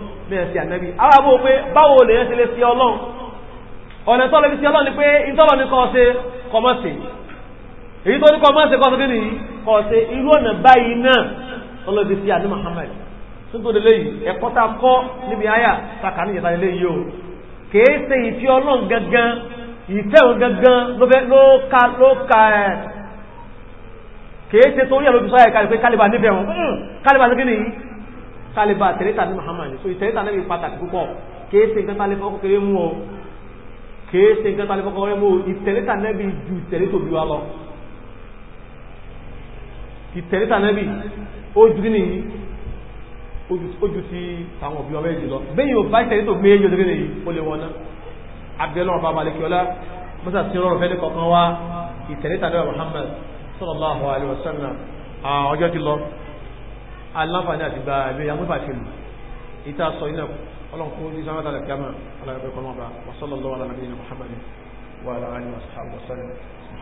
mẹ́rin sí ànábì àwọn àbúrò pé báwo lèyàn ti lè sí ọlọ́run ọ̀nà tó lè fi sí ọlọ́run ni pé ìtọ́lọ́ ní kọ́ ṣe kọmọ́sì èyí tó ní kọmọ́sì kọ́ sókè nìyí kọ́ ṣe irú ọ̀nà báyìí náà tọ́lọ́ fi sí àní Muhammad nítorí léyìí ẹ̀kọ́ ta kọ́ níbi àyà takà níjẹta léyìí o kèé ṣe ìfi ọlọ́run gangan ìfẹ́hùn gangan ló ka ló ka ẹ̀ kèé ṣe torí ẹ̀ ló fi sọ ẹ̀ kalẹ̀ pé kálíbà nífẹ̀ẹ́ wọn hmm, kálíbà sókè nìyí kálíbà tẹ̀lẹ́tà ní Muhammad so ìtẹ̀lẹ́tà náà yìí pàtàkì púpọ̀ kìí ṣe nǹkan tálẹ́fọ́ mú ọ kìí ṣe nǹkan tálẹ́fọ́ kékeré mú ọ ìtẹ̀lẹ́tà náà ju ìtẹ̀lẹ́tò bí wa lọ ìtẹ̀lẹ́tà náà ó ju nínú ó ju ti àwọn òbí ọmọ èjì lọ bẹ́ẹ̀ yóò bá ìtẹ̀lẹ́tò méjì lókè nìyí ó lè wọná abdullah ọba malikiola musa ti rọrùn fẹ́ni kọ̀ọ̀kan wá ìtẹ̀lẹ́tà náà Muhammad sallallahu alaihi wasallam ọjọ́ ti lọ aláǹfààní àti gba ẹ̀lú yamúfà ti lù ìta sọ iná ọlọ́nkú ní sáwọn àtàlẹ̀ kíámà alábẹ́kọ̀ọ́mọba wasallallahu ala nabiyina muhammadin wa ala alihi wa sahbihi wa sallam